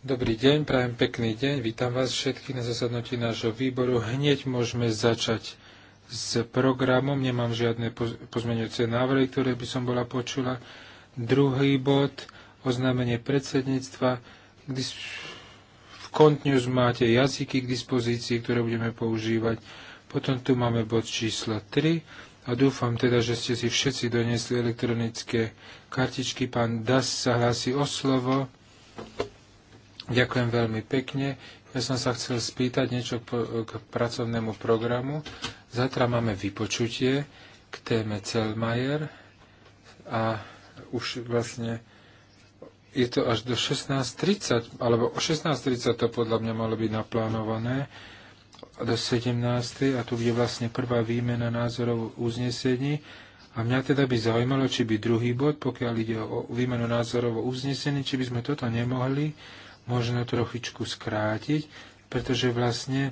Dobrý deň, prajem pekný deň. Vítam vás všetkých na zasadnutí nášho výboru. Hneď môžeme začať s programom. Nemám žiadne pozmeňujúce návrhy, ktoré by som bola počula. Druhý bod, oznámenie predsedníctva. V Kontnews máte jazyky k dispozícii, ktoré budeme používať. Potom tu máme bod číslo 3 a dúfam teda, že ste si všetci doniesli elektronické kartičky. Pán Das sa hlási o slovo. Ďakujem veľmi pekne. Ja som sa chcel spýtať niečo k pracovnému programu. Zatra máme vypočutie k téme Celmajer a už vlastne je to až do 16.30, alebo o 16.30 to podľa mňa malo byť naplánované do 17. a tu bude vlastne prvá výmena názorov uznesení. A mňa teda by zaujímalo, či by druhý bod, pokiaľ ide o výmenu názorov o uznesení, či by sme toto nemohli možno trochičku skrátiť, pretože vlastne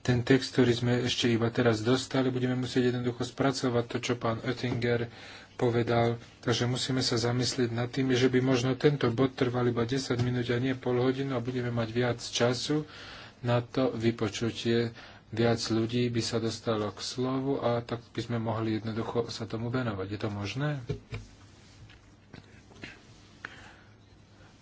ten text, ktorý sme ešte iba teraz dostali, budeme musieť jednoducho spracovať to, čo pán Oettinger povedal. Takže musíme sa zamyslieť nad tým, že by možno tento bod trval iba 10 minút a nie pol hodinu a budeme mať viac času na to vypočutie. Viac ľudí by sa dostalo k slovu a tak by sme mohli jednoducho sa tomu venovať. Je to možné?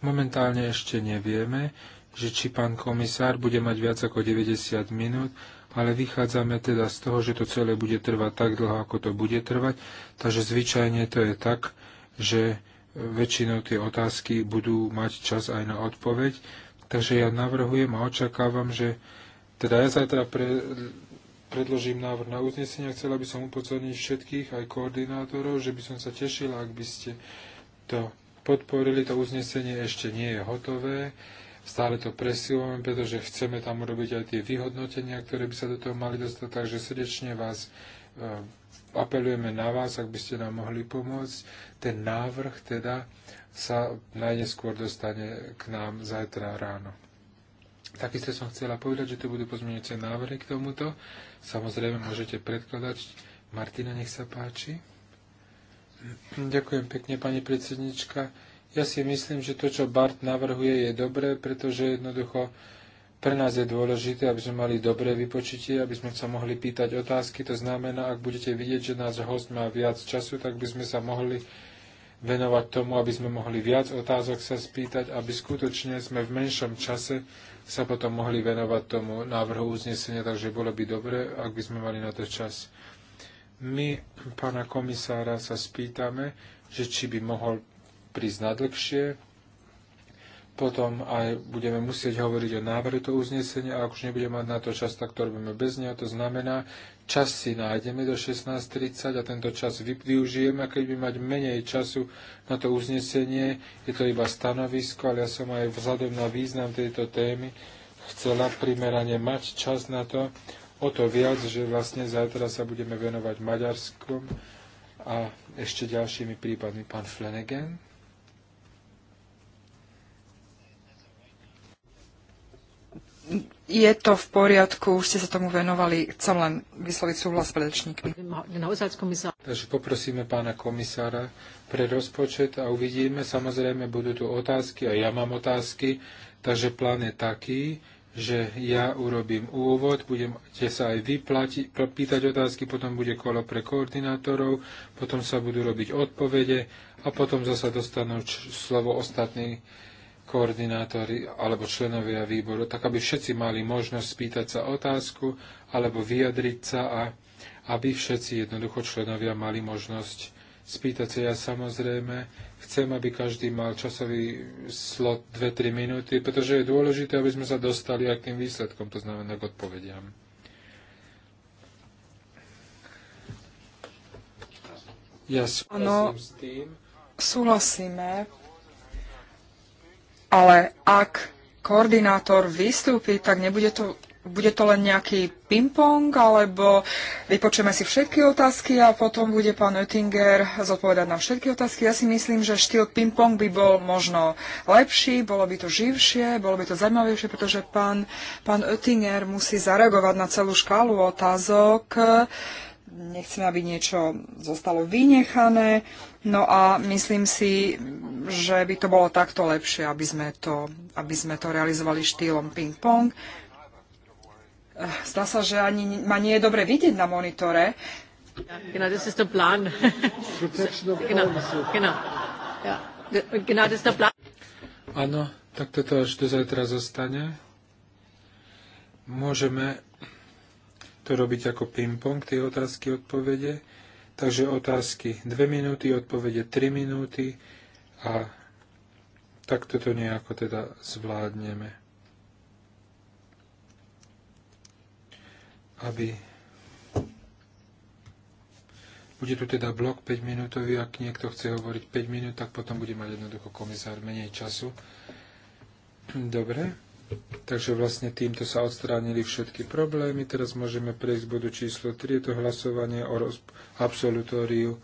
Momentálne ešte nevieme, že či pán komisár bude mať viac ako 90 minút, ale vychádzame teda z toho, že to celé bude trvať tak dlho, ako to bude trvať. Takže zvyčajne to je tak, že väčšinou tie otázky budú mať čas aj na odpoveď. Takže ja navrhujem a očakávam, že teda ja zajtra pre, predložím návrh na uznesenie. Chcela by som upozorniť všetkých, aj koordinátorov, že by som sa tešila, ak by ste to podporili. To uznesenie ešte nie je hotové. Stále to presilujeme, pretože chceme tam urobiť aj tie vyhodnotenia, ktoré by sa do toho mali dostať. Takže srdečne vás eh, apelujeme na vás, ak by ste nám mohli pomôcť. Ten návrh teda sa najneskôr dostane k nám zajtra ráno. Takisto som chcela povedať, že tu budú pozmeňujúce návrhy k tomuto. Samozrejme, môžete predkladať. Martina, nech sa páči. Ďakujem pekne, pani predsednička. Ja si myslím, že to, čo Bart navrhuje, je dobré, pretože jednoducho pre nás je dôležité, aby sme mali dobré vypočutie, aby sme sa mohli pýtať otázky. To znamená, ak budete vidieť, že náš host má viac času, tak by sme sa mohli venovať tomu, aby sme mohli viac otázok sa spýtať, aby skutočne sme v menšom čase sa potom mohli venovať tomu návrhu uznesenia, takže bolo by dobre, ak by sme mali na to čas. My pána komisára sa spýtame, že či by mohol prísť nadlhšie, potom aj budeme musieť hovoriť o návrhu toho uznesenia a ak už nebudeme mať na to čas, tak to robíme bez neho. To znamená, čas si nájdeme do 16.30 a tento čas využijeme. Keď by mať menej času na to uznesenie, je to iba stanovisko, ale ja som aj vzhľadom na význam tejto témy chcela primerane mať čas na to, o to viac, že vlastne zajtra sa budeme venovať Maďarskom a ešte ďalšími prípadmi. Pán Flanagan. je to v poriadku, už ste sa tomu venovali, chcem len vysloviť súhlas s predečníkmi. Takže poprosíme pána komisára pre rozpočet a uvidíme. Samozrejme, budú tu otázky a ja mám otázky, takže plán je taký, že ja urobím úvod, budete sa aj vy pýtať otázky, potom bude kolo pre koordinátorov, potom sa budú robiť odpovede a potom zasa dostanú slovo ostatní koordinátori alebo členovia výboru, tak aby všetci mali možnosť spýtať sa otázku alebo vyjadriť sa a aby všetci jednoducho členovia mali možnosť spýtať sa. Ja samozrejme chcem, aby každý mal časový slot 2-3 minúty, pretože je dôležité, aby sme sa dostali aj k tým výsledkom, to znamená k odpovediam. Ja súhlasím s tým. Súhlasíme, ale ak koordinátor vystúpi, tak nebude to, bude to len nejaký ping-pong, alebo vypočujeme si všetky otázky a potom bude pán Oettinger zodpovedať na všetky otázky. Ja si myslím, že štýl ping-pong by bol možno lepší, bolo by to živšie, bolo by to zaujímavejšie, pretože pán, pán Oettinger musí zareagovať na celú škálu otázok nechceme, aby niečo zostalo vynechané. No a myslím si, že by to bolo takto lepšie, aby sme to, aby sme to realizovali štýlom ping-pong. Zdá sa, že ani ma nie je dobre vidieť na monitore. Genau, das ist der Plan. genau, das ist der Plan. Áno, tak toto až do zajtra zostane. Môžeme to robiť ako ping-pong, tie otázky, odpovede. Takže otázky 2 minúty, odpovede 3 minúty a takto to nejako teda zvládneme. Aby bude tu teda blok 5 minútový, ak niekto chce hovoriť 5 minút, tak potom bude mať jednoducho komisár menej času. Dobre. Takže vlastne týmto sa odstránili všetky problémy. Teraz môžeme prejsť k bodu číslo 3, je to hlasovanie o absolutóriu.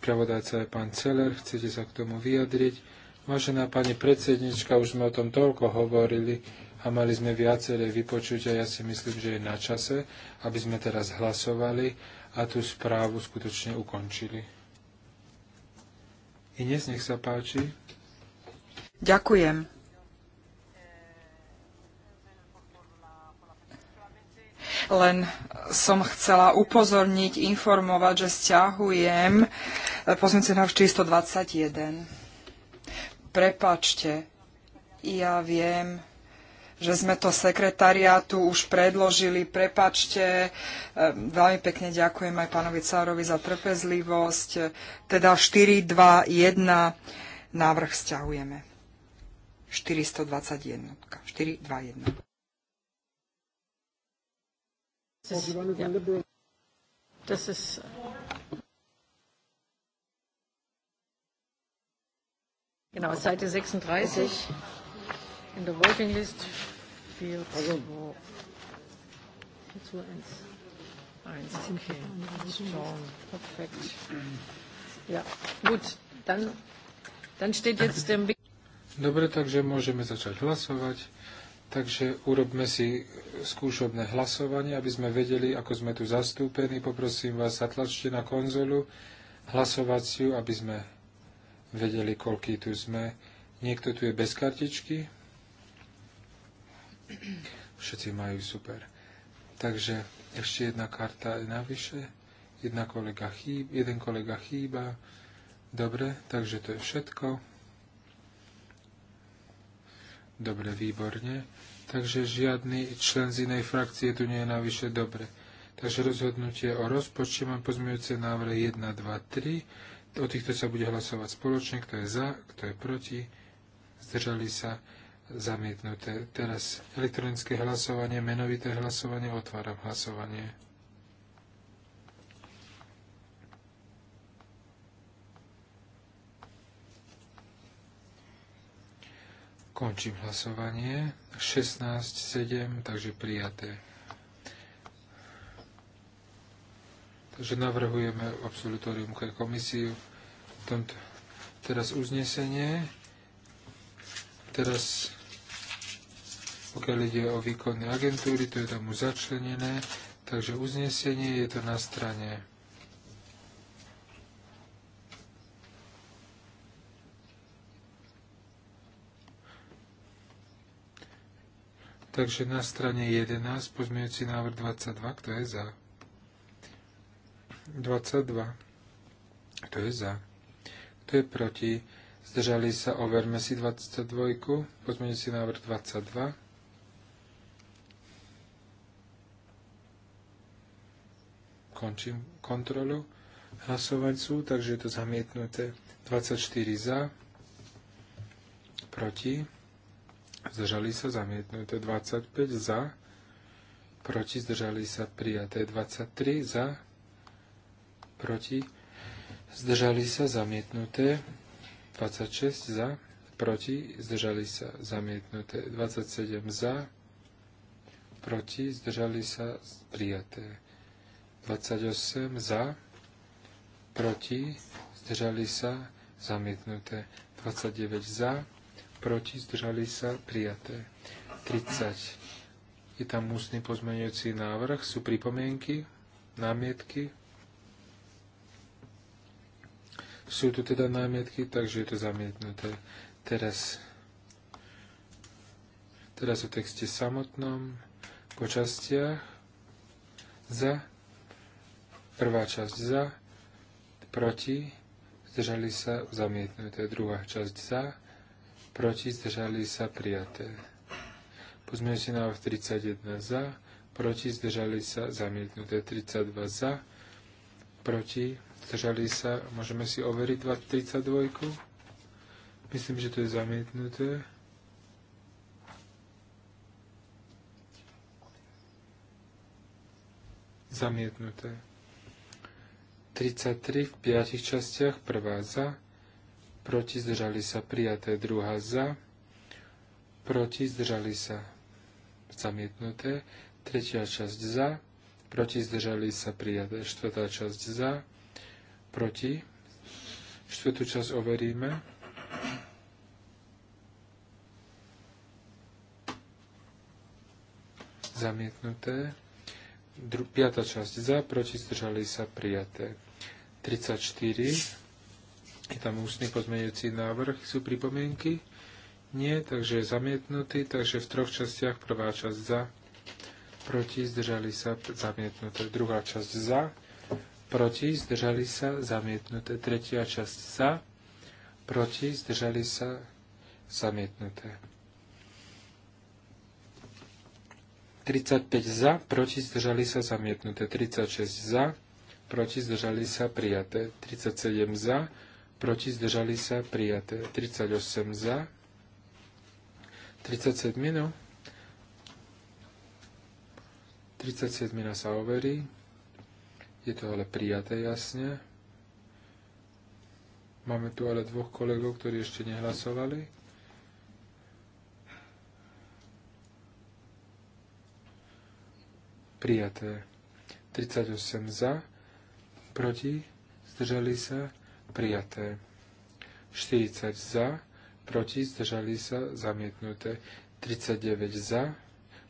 Pravodajca je pán Celer, chcete sa k tomu vyjadriť? Vážená pani predsednička, už sme o tom toľko hovorili a mali sme viaceré vypočutia. Ja si myslím, že je na čase, aby sme teraz hlasovali a tú správu skutočne ukončili. Ines, nech sa páči. Ďakujem. Len som chcela upozorniť, informovať, že stiahujem na e, návrh 421. Prepačte, ja viem, že sme to sekretariátu už predložili. Prepačte, e, veľmi pekne ďakujem aj pánovi Cárovi za trpezlivosť. Teda 421 návrh stiahujeme. 421. 421. Das, ja. das ist genau Seite 36 in der Voting List 4 2 1 1 okay strong perfekt ja gut dann dann steht jetzt dem Dobre, takže môžeme začať hlasovať. Takže urobme si skúšobné hlasovanie, aby sme vedeli, ako sme tu zastúpení. Poprosím vás, zatlačte na konzolu hlasovaciu, aby sme vedeli, koľký tu sme. Niekto tu je bez kartičky. Všetci majú super. Takže ešte jedna karta je navyše. Jedna kolega chýba, jeden kolega chýba. Dobre, takže to je všetko. Dobre, výborne. Takže žiadny člen z inej frakcie tu nie je navyše dobre. Takže rozhodnutie o rozpočte mám pozmeňujúce návrhy 1, 2, 3. O týchto sa bude hlasovať spoločne, kto je za, kto je proti. Zdržali sa zamietnuté. Teraz elektronické hlasovanie, menovité hlasovanie, otváram hlasovanie. Končím hlasovanie. 16, 7, takže prijaté. Takže navrhujeme absolutórium ke komisiu. Tomto. Teraz uznesenie. Teraz pokiaľ ide o výkonné agentúry, to je tam už začlenené, takže uznesenie je to na strane Takže na strane 11 pozmeňujúci návrh 22, kto je za? 22. Kto je za? Kto je proti? Zdržali sa, overme si 22. Pozmeňujúci návrh 22. Končím kontrolu hlasovancu, takže je to zamietnuté. 24 za, proti zdržali sa zamietnuté 25 za, proti zdržali sa prijaté 23 za, proti zdržali sa zamietnuté 26 za, proti zdržali sa zamietnuté 27 za, proti zdržali sa prijaté 28 za, proti zdržali sa zamietnuté 29 za, proti, zdržali sa, prijaté. 30. Je tam ústny pozmeňujúci návrh. Sú pripomienky? Námietky? Sú tu teda námietky, takže je to zamietnuté. Teraz, teraz o texte samotnom, po častiach, za, prvá časť za, proti, zdržali sa, zamietnuté, druhá časť za, proti, zdržali sa prijaté. Pozmeňujúci návrh 31 za, proti, zdržali sa zamietnuté. 32 za, proti, zdržali sa, môžeme si overiť 32. Myslím, že to je zamietnuté. Zamietnuté. 33 v piatich častiach, prvá za, proti zdržali sa prijaté, druhá za, proti zdržali sa zamietnuté, tretia časť za, proti zdržali sa prijaté, štvrtá časť za, proti, štvrtú časť overíme, zamietnuté, Dru- piata časť za, proti zdržali sa prijaté. 34 je tam ústny pozmeňujúci návrh. Sú pripomienky? Nie, takže je zamietnutý. Takže v troch častiach prvá časť za, proti, zdržali sa, zamietnuté. Druhá časť za, proti, zdržali sa, zamietnuté. Tretia časť za, proti, zdržali sa, zamietnuté. 35 za, proti, zdržali sa, zamietnuté. 36 za, proti, zdržali sa, prijaté. 37 za, proti zdržali sa prijaté. 38 za, 37 minú 37 sa overí. Je to ale prijaté jasne. Máme tu ale dvoch kolegov, ktorí ešte nehlasovali. Prijaté. 38 za, proti, zdržali sa, prijaté. 40 za, proti, zdržali sa, zamietnuté. 39 za,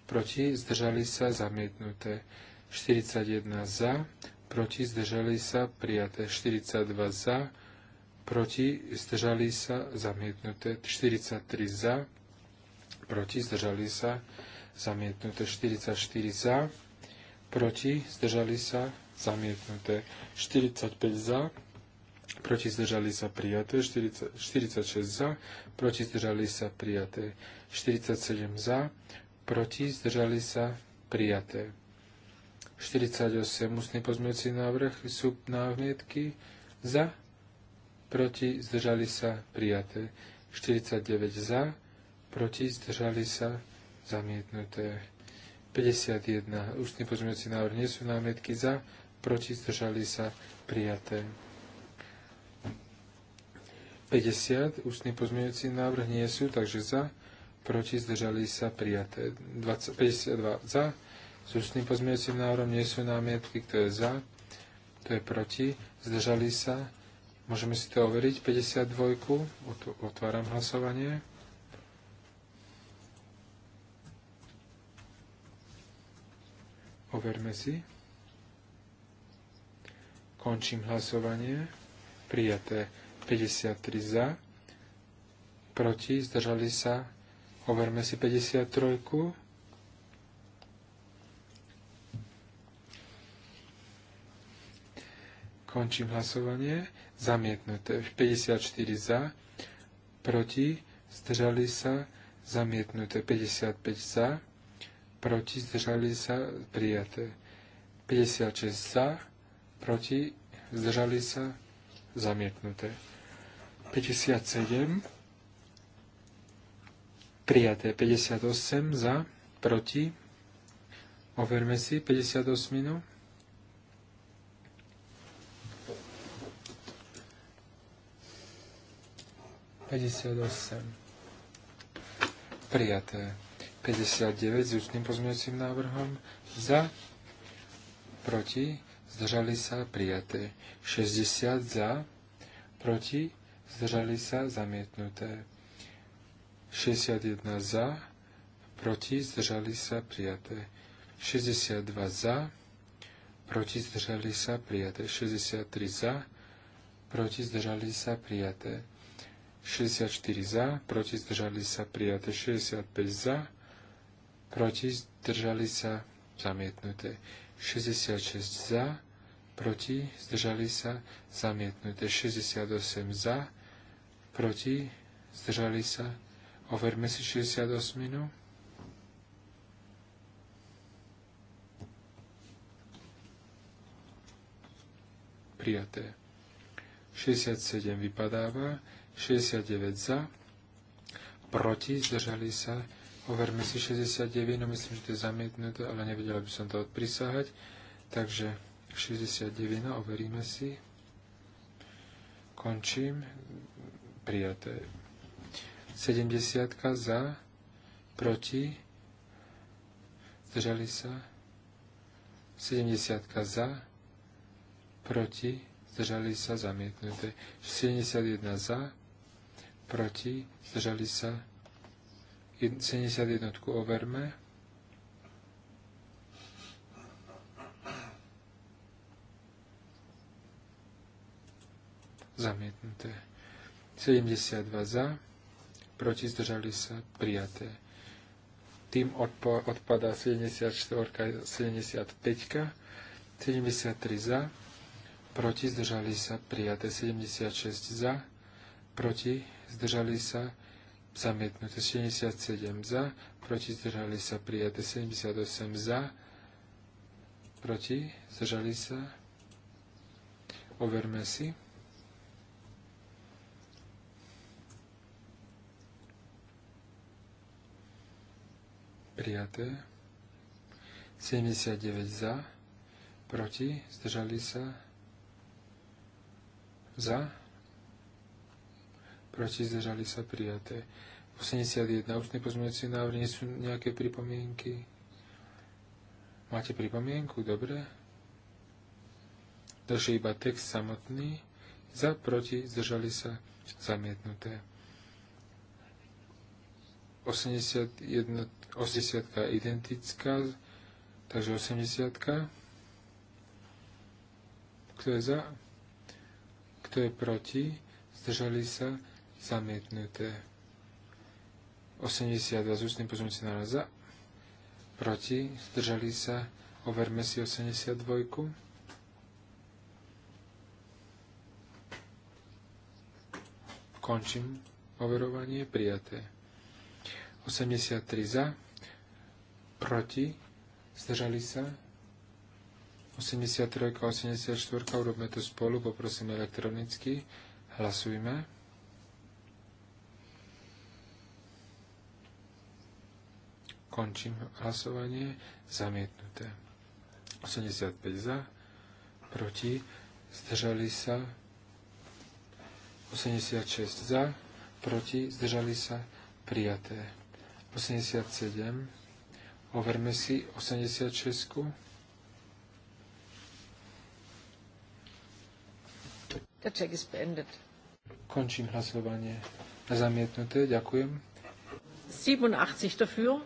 proti, zdržali sa, zamietnuté. 41 za, proti, zdržali sa, prijaté. 42 za, proti, zdržali sa, zamietnuté. 43 za, proti, zdržali sa, zamietnuté. 44 za, proti, zdržali sa, zamietnuté. 45 za, proti zdržali sa prijaté, 40, 46 za, proti zdržali sa prijaté, 47 za, proti zdržali sa prijaté. 48 ústny pozmeňujúci návrh sú námietky za, proti zdržali sa prijaté, 49 za, proti zdržali sa zamietnuté. 51 ústny pozmeňujúci návrh nie sú námietky za, proti zdržali sa prijaté. 50, ústne pozmeňujúci návrh nie sú, takže za, proti, zdržali sa, prijaté. 20, 52 za, s ústnym pozmeňujúcim návrhom nie sú námietky, kto je za, kto je proti, zdržali sa, môžeme si to overiť, 52, otváram hlasovanie. Overme si. Končím hlasovanie. Prijaté. 53 za, proti, zdržali sa, overme si 53. Končím hlasovanie, zamietnuté, 54 za, proti, zdržali sa, zamietnuté, 55 za, proti, zdržali sa, prijaté, 56 za, proti, zdržali sa, zamietnuté. 57. Prijaté 58 za, proti. Overme si 58. Minú. Prijaté. 59 s ústnym pozmeňujúcim návrhom. Za. Proti. Zdržali sa. Prijaté. 60 za. Proti zdržali sa, zamietnuté. 61 za, proti, zdržali sa, prijaté. 62 za, proti, zdržali sa, prijaté. 63 za, proti, zdržali sa, prijaté. 64 za, proti, zdržali sa, prijaté. 65 za, proti, zdržali sa, zamietnuté. 66 za, proti, zdržali sa, zamietnuté. 68 za, proti, zdržali sa, overme si 68. Minú. Prijaté. 67 vypadáva, 69 za, proti, zdržali sa, overme si 69, no myslím, že to je zamietnuté, ale nevedela by som to odprisáhať, takže 69, no overíme si, končím, prijaté. 70 za, proti, zdržali sa. 70 za, proti, zdržali sa, zamietnuté. 71 za, proti, zdržali sa. 71 overme. Zamietnuté. 72 za, proti zdržali sa prijaté. Tým odpa- odpadá 74 75 73 za, proti zdržali sa prijaté. 76 za, proti zdržali sa zamietnuté. 77 za, proti zdržali sa prijaté. 78 za, proti zdržali sa. Overme si. prijaté. 79 za, proti, zdržali sa, za, proti, zdržali sa, prijaté. 81 ústne pozmeňujúci návrh, nie sú nejaké pripomienky? Máte pripomienku? Dobre. Takže iba text samotný, za, proti, zdržali sa, zamietnuté. 81, 80 je identická, takže 80. Kto je za? Kto je proti? Zdržali sa? Zamietnuté. 82 z ústnym pozornicím na za. Proti? Zdržali sa? Overme si 82. Končím overovanie prijaté. 83 za, proti, zdržali sa. 83 a 84, urobme to spolu, poprosím elektronicky. Hlasujme. Končím hlasovanie. Zamietnuté. 85 za, proti, zdržali sa. 86 za, proti, zdržali sa, prijaté. 87. Overme si 86. The check is beendet. Končím hlasovanie. Zamietnuté, ďakujem. 87 dafür.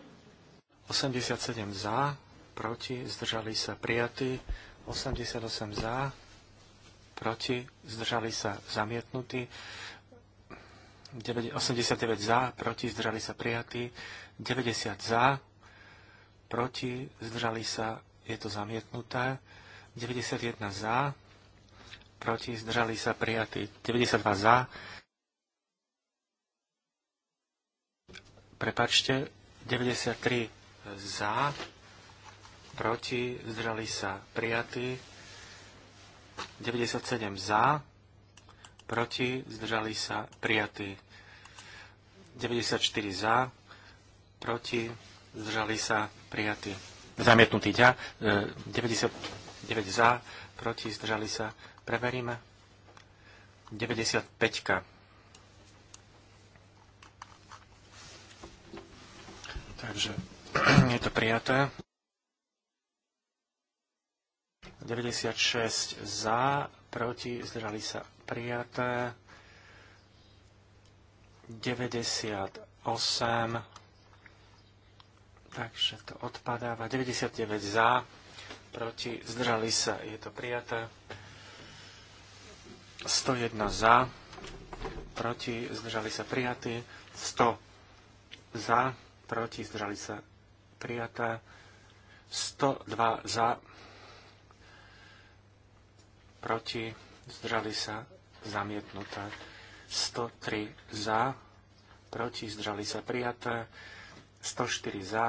87 za, proti, zdržali sa prijatí. 88 za, proti, zdržali sa zamietnutí. 89 za, proti, zdržali sa prijatí. 90 za, proti, zdržali sa, je to zamietnuté. 91 za, proti, zdržali sa prijatí. 92 za, prepačte, 93 za, proti, zdržali sa prijatí, 97 za, proti, zdržali sa prijatí. 94 za, proti, zdržali sa prijatí. Zamietnutý ďa, 99 e, za, proti, zdržali sa, preveríme. 95. -ka. Takže je to prijaté. 96 za, proti, zdržali sa prijaté. 98, takže to odpadáva. 99 za, proti, zdržali sa, je to prijaté. 101 za, proti, zdržali sa prijatí. 100 za, proti, zdržali sa prijaté. 102 za, proti, zdržali sa zamietnuté. 103 za, proti, zdržali sa prijaté. 104 za,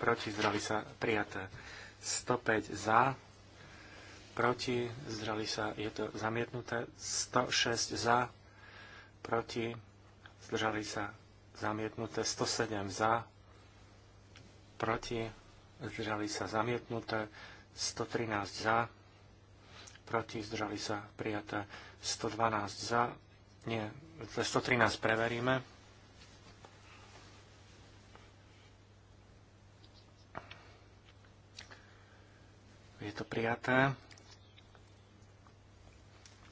proti, zdrali sa prijaté. 105 za, proti, zdržali sa, je to zamietnuté. 106 za, proti, zdrali sa zamietnuté. 107 za, proti, zdrali sa zamietnuté. 113 za, proti, zdržali sa prijaté. 112 za, nie, 113 preveríme. Je to prijaté.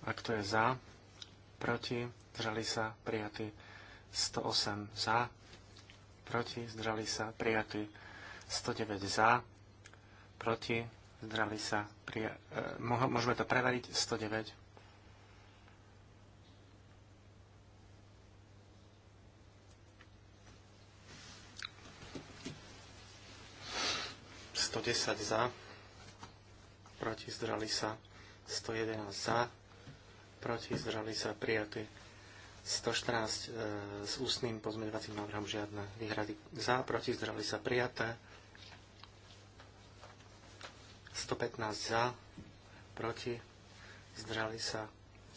A kto je za? Proti? zdrali sa? Prijatí? 108 za. Proti? zdrali sa? Prijatí? 109 za. Proti? zdrali sa? Prija- eh, Môžeme to preveriť? 109 110 za, proti zdržali sa 111 za, proti zdrali sa prijaté 114 e, s ústnym pozmeňovacím návrhom žiadne výhrady za, proti zdrali sa prijaté 115 za, proti zdržali sa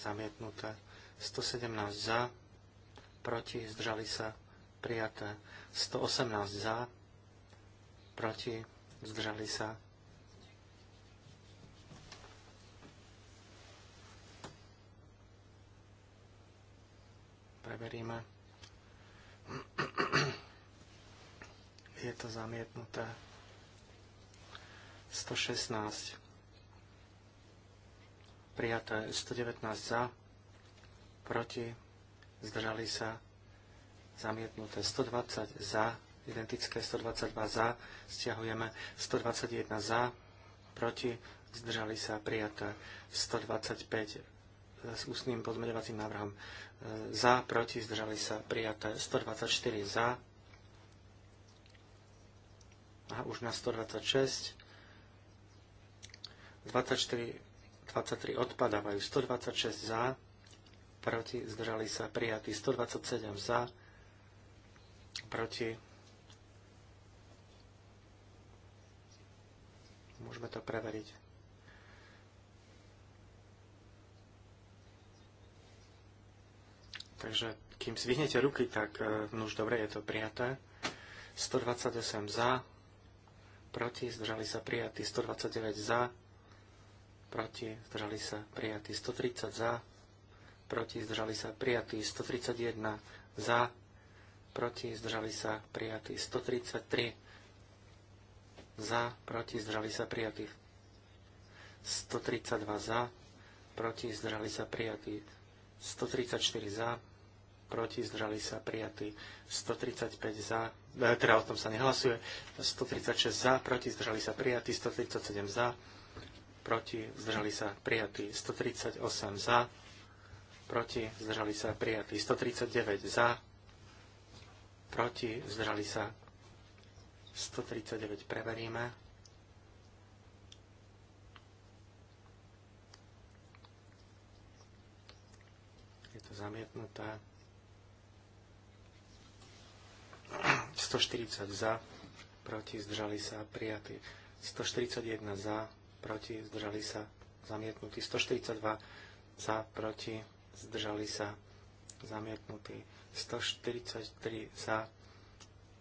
zamietnuté 117 za, proti zdržali sa prijaté 118 za, proti zdržali sa. Preveríme. Je to zamietnuté. 116. Prijaté 119 za, proti, zdržali sa, zamietnuté 120 za, identické 122 za, stiahujeme 121 za, proti, zdržali sa prijaté 125 e, s ústnym pozmeňovacím návrhom e, za, proti, zdržali sa prijaté 124 za a už na 126 24 23 odpadávajú 126 za proti zdržali sa prijatí 127 za proti Môžeme to preveriť. Takže kým zvihnete ruky, tak e, no už dobre, je to prijaté. 128 za, proti, zdržali sa prijatí 129 za, proti, zdržali sa prijatí 130 za, proti, zdržali sa prijatí 131 za, proti, zdržali sa prijatí 133 za, proti, zdržali sa prijatí. 132 za, proti, zdržali sa prijatí. 134 za, proti, zdržali sa prijatí. 135 za, e, teda o tom sa nehlasuje. 136 za, proti, zdržali sa prijatí. 137 za, proti, zdržali sa prijatí. 138 za, proti, zdržali sa prijatí. 139 za, proti, zdržali sa 139 preveríme. Je to zamietnuté. 140 za, proti, zdržali sa, prijatí. 141 za, proti, zdržali sa, zamietnutí. 142 za, proti, zdržali sa, zamietnutí. 143 za,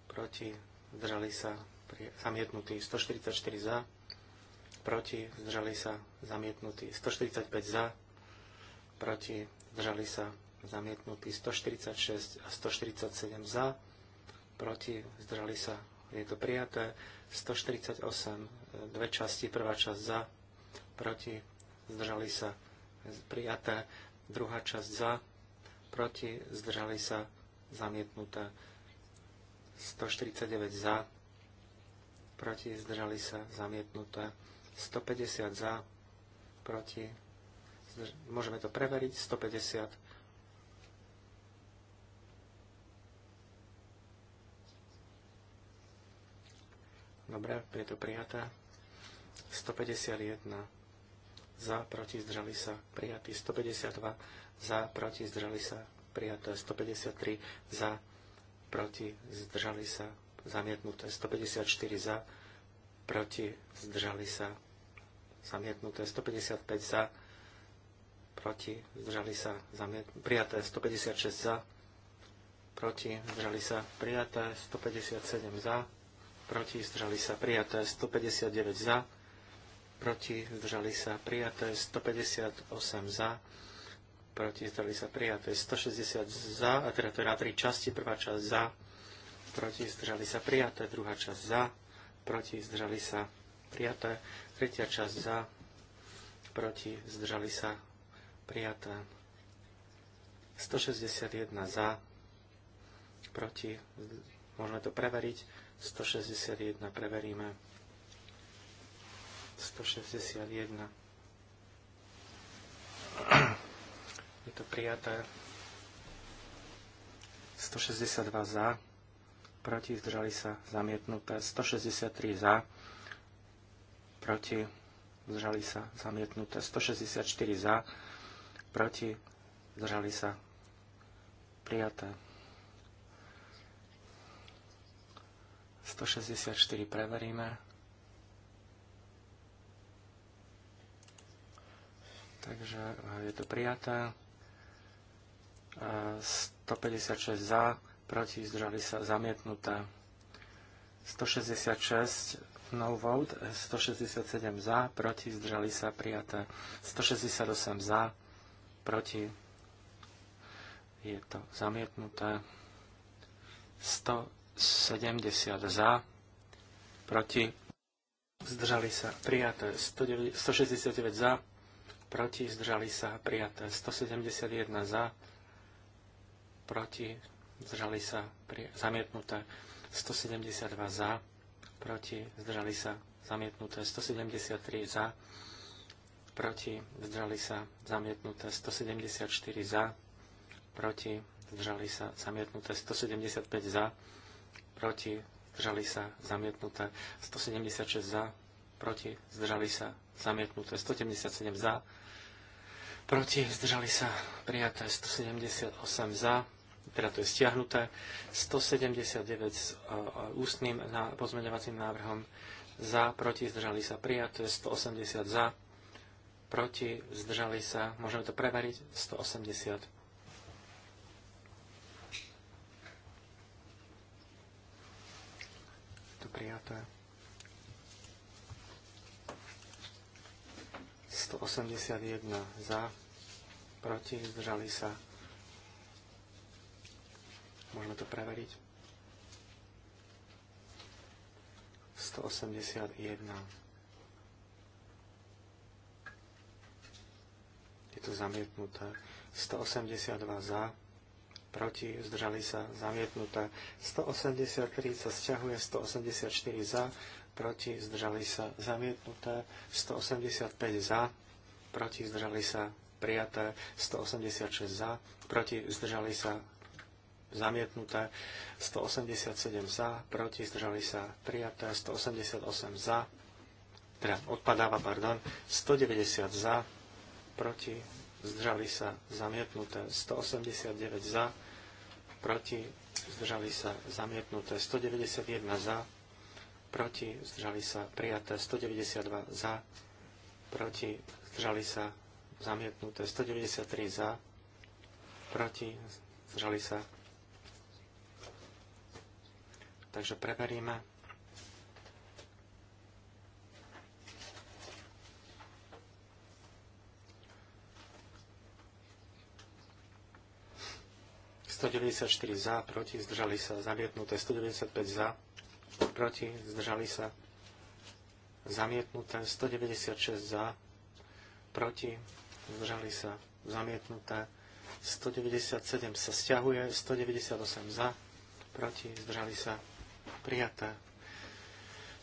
proti, zdržali sa zamietnutí 144 za, proti zdržali sa zamietnutí 145 za, proti zdržali sa zamietnutí 146 a 147 za, proti zdržali sa, je to prijaté, 148, dve časti, prvá časť za, proti zdržali sa, prijaté, druhá časť za, proti zdržali sa, zamietnuté. 149 za, proti, zdržali sa, zamietnuté, 150 za, proti, zdrž... môžeme to preveriť, 150, Dobre, je to prijaté. 151 za, proti, zdržali sa, prijatý. 152 za, proti, zdržali sa, prijaté. 153 za, proti, zdržali sa, zamietnuté 154 za, proti, zdržali sa, zamietnuté 155 za, proti, zdržali sa, zamiet, prijaté 156 za, proti, zdržali sa, prijaté 157 za, proti, zdržali sa, prijaté 159 za, proti, zdržali sa, prijaté 158 za, proti, zdali sa prijaté. 160 za, a teda to je na tri časti, prvá časť za, proti, zdržali sa prijaté, druhá časť za, proti, zdržali sa prijaté, tretia časť za, proti, zdržali sa prijaté. 161 za, proti, môžeme to preveriť, 161 preveríme. 161 je to prijaté. 162 za, proti, zdržali sa, zamietnuté. 163 za, proti, zdržali sa, zamietnuté. 164 za, proti, zdržali sa, prijaté. 164 preveríme. Takže eh, je to prijaté. 156 za, proti, zdržali sa, zamietnuté. 166 no vote, 167 za, proti, zdržali sa, prijaté. 168 za, proti, je to zamietnuté. 170 za, proti, zdržali sa, prijaté. 169 za, proti, zdržali sa, prijaté. 171 za, proti, zdržali sa, pri, zamietnuté 172 za, proti, zdržali sa, zamietnuté 173 za, proti, zdržali sa, zamietnuté 174 za, proti, zdržali sa, zamietnuté 175 za, proti, zdržali sa, zamietnuté 176 za, proti, zdržali sa, zamietnuté 177 za, proti, zdržali sa, prijaté 178 za, teda to je stiahnuté, 179 s e, e, ústnym pozmeňovacím návrhom za, proti, zdržali sa prijaté, 180 za, proti, zdržali sa, môžeme to preveriť, 180. To prijaté. 181 za, proti, zdržali sa, Môžeme to preveriť. 181. Je to zamietnuté. 182 za, proti, zdržali sa, zamietnuté. 183 sa sťahuje, 184 za, proti, zdržali sa, zamietnuté. 185 za, proti, zdržali sa, prijaté. 186 za, proti, zdržali sa, zamietnuté, 187 za, proti, zdržali sa prijaté, 188 za, teda odpadáva, pardon, 190 za, proti, zdržali sa zamietnuté, 189 za, proti, zdržali sa zamietnuté, 191 za, proti, zdržali sa prijaté, 192 za, proti, zdržali sa zamietnuté, 193 za, proti, zdržali sa Takže preveríme. ...194 za, proti, zdržali sa, zamietnuté, 195 za, proti, zdržali sa, zamietnuté, 196 za, proti, zdržali sa, zamietnuté, 197 sa stiahuje, 198 za, proti, zdržali sa, prijaté.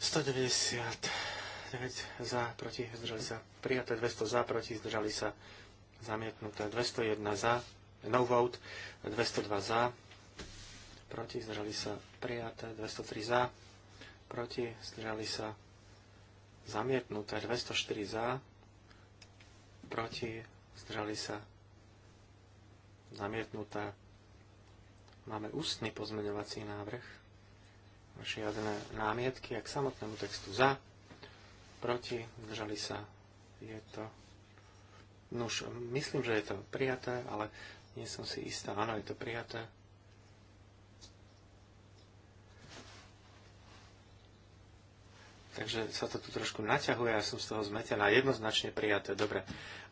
199 za, proti, zdržali sa, prijaté. 200 za, proti, zdržali sa, zamietnuté. 201 za, no vote. 202 za, proti, zdržali sa, prijaté. 203 za, proti, zdržali sa, zamietnuté. 204 za, proti, zdržali sa, zamietnuté. Máme ústny pozmeňovací návrh žiadne námietky a k samotnému textu za, proti, zdržali sa, je to... Nuž, myslím, že je to prijaté, ale nie som si istá. Áno, je to prijaté. Takže sa to tu trošku naťahuje a som z toho zmetená. Jednoznačne prijaté. Dobre.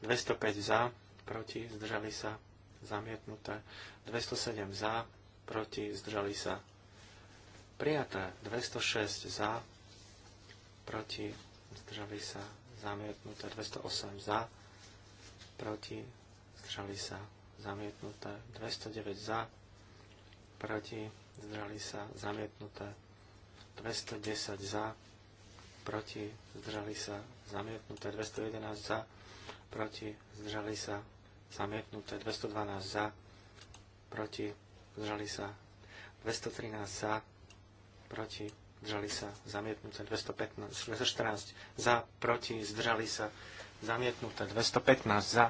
205 za, proti, zdržali sa, zamietnuté. 207 za, proti, zdržali sa, Prijaté 206 za, proti, zdržali sa, zamietnuté 208 za, proti, zdržali sa, zamietnuté 209 za, proti, zdržali sa, zamietnuté 210 za, proti, zdržali sa, zamietnuté 211 za, proti, zdržali sa, zamietnuté 212 za, proti, zdržali sa, 213 za, proti, zdržali sa, zamietnuté 215, 214 za, proti, zdržali sa, zamietnuté 215 za,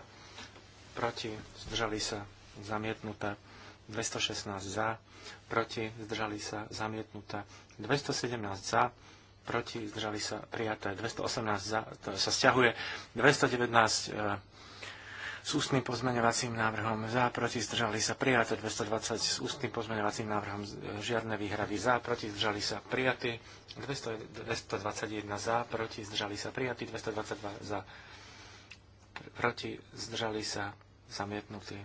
proti, zdržali sa, zamietnuté 216 za, proti, zdržali sa, zamietnuté 217 za, proti, zdržali sa, prijaté 218 za, to sa stiahuje 219 s ústnym pozmeňovacím návrhom za, proti, zdržali sa prijaté 220 s ústnym pozmeňovacím návrhom e, žiadne výhrady za, proti, zdržali sa prijatí 221 za, proti, zdržali sa prijatí 222 za, proti, zdržali sa zamietnutí.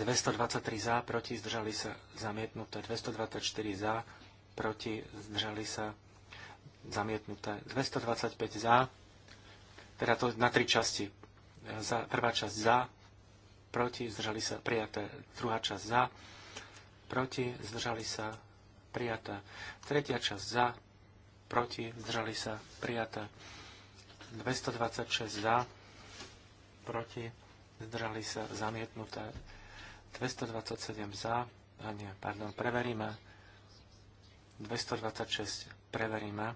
223 za, proti, zdržali sa zamietnuté, 224 za, proti, zdržali sa zamietnuté, 225 za, teda to na tri časti za, prvá časť za, proti, zdržali sa prijaté, druhá časť za, proti, zdržali sa prijatá, tretia časť za, proti, zdržali sa prijatá, 226 za, proti, zdržali sa zamietnuté, 227 za, a nie, pardon, preveríme, 226 preveríme,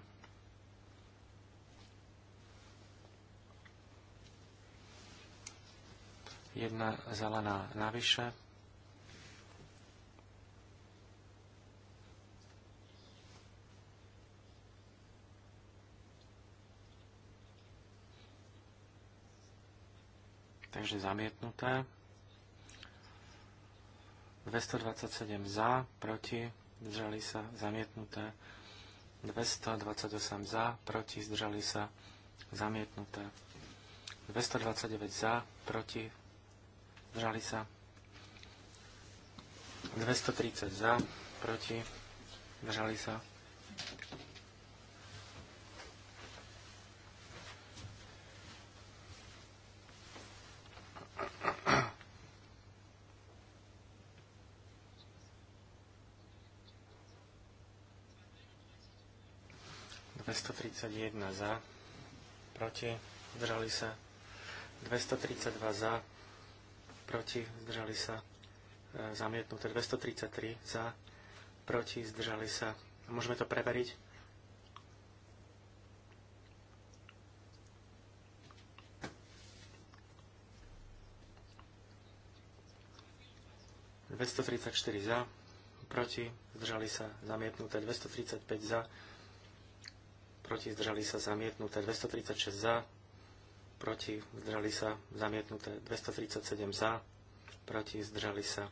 Jedna zelená navyše. Takže zamietnuté. 227 za, proti, zdržali sa, zamietnuté. 228 za, proti, zdržali sa, zamietnuté. 229 za, proti, Zdržali sa. 230 za, proti, zdržali sa. jedna za, proti, zdržali sa. 232 za, proti, zdržali sa, e, zamietnuté 233 za, proti, zdržali sa. Môžeme to preveriť? ...234 za, proti, zdržali sa, zamietnuté, 235 za, proti, zdržali sa, zamietnuté, 236 za, proti, zdržali sa, zamietnuté, 237 za, proti, zdrali sa.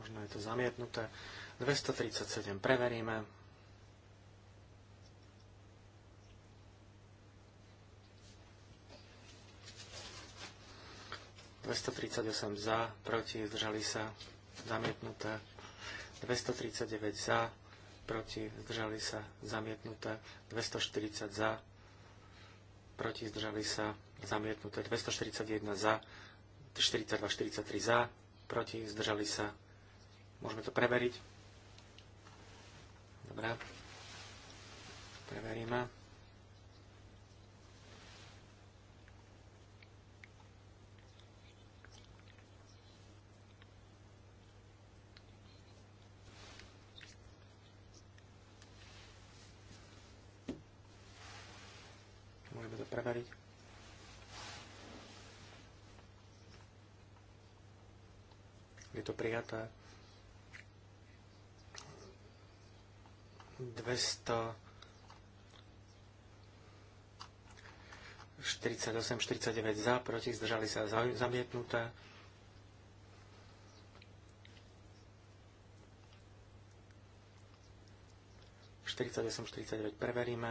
Možno je to zamietnuté. 237 preveríme. ...238 za, proti, zdržali sa, zamietnuté. 239 za, proti, zdržali sa, zamietnuté. 240 za, proti, zdržali sa, zamietnuté 241 za, 42, 43 za, proti, zdržali sa. Môžeme to preveriť. Dobre. Preveríme. preveriť. Je to prijaté. 200 48, 49 za, proti, zdržali sa zamietnuté. Štyridsaťosem, štyridsaťdeväť preveríme.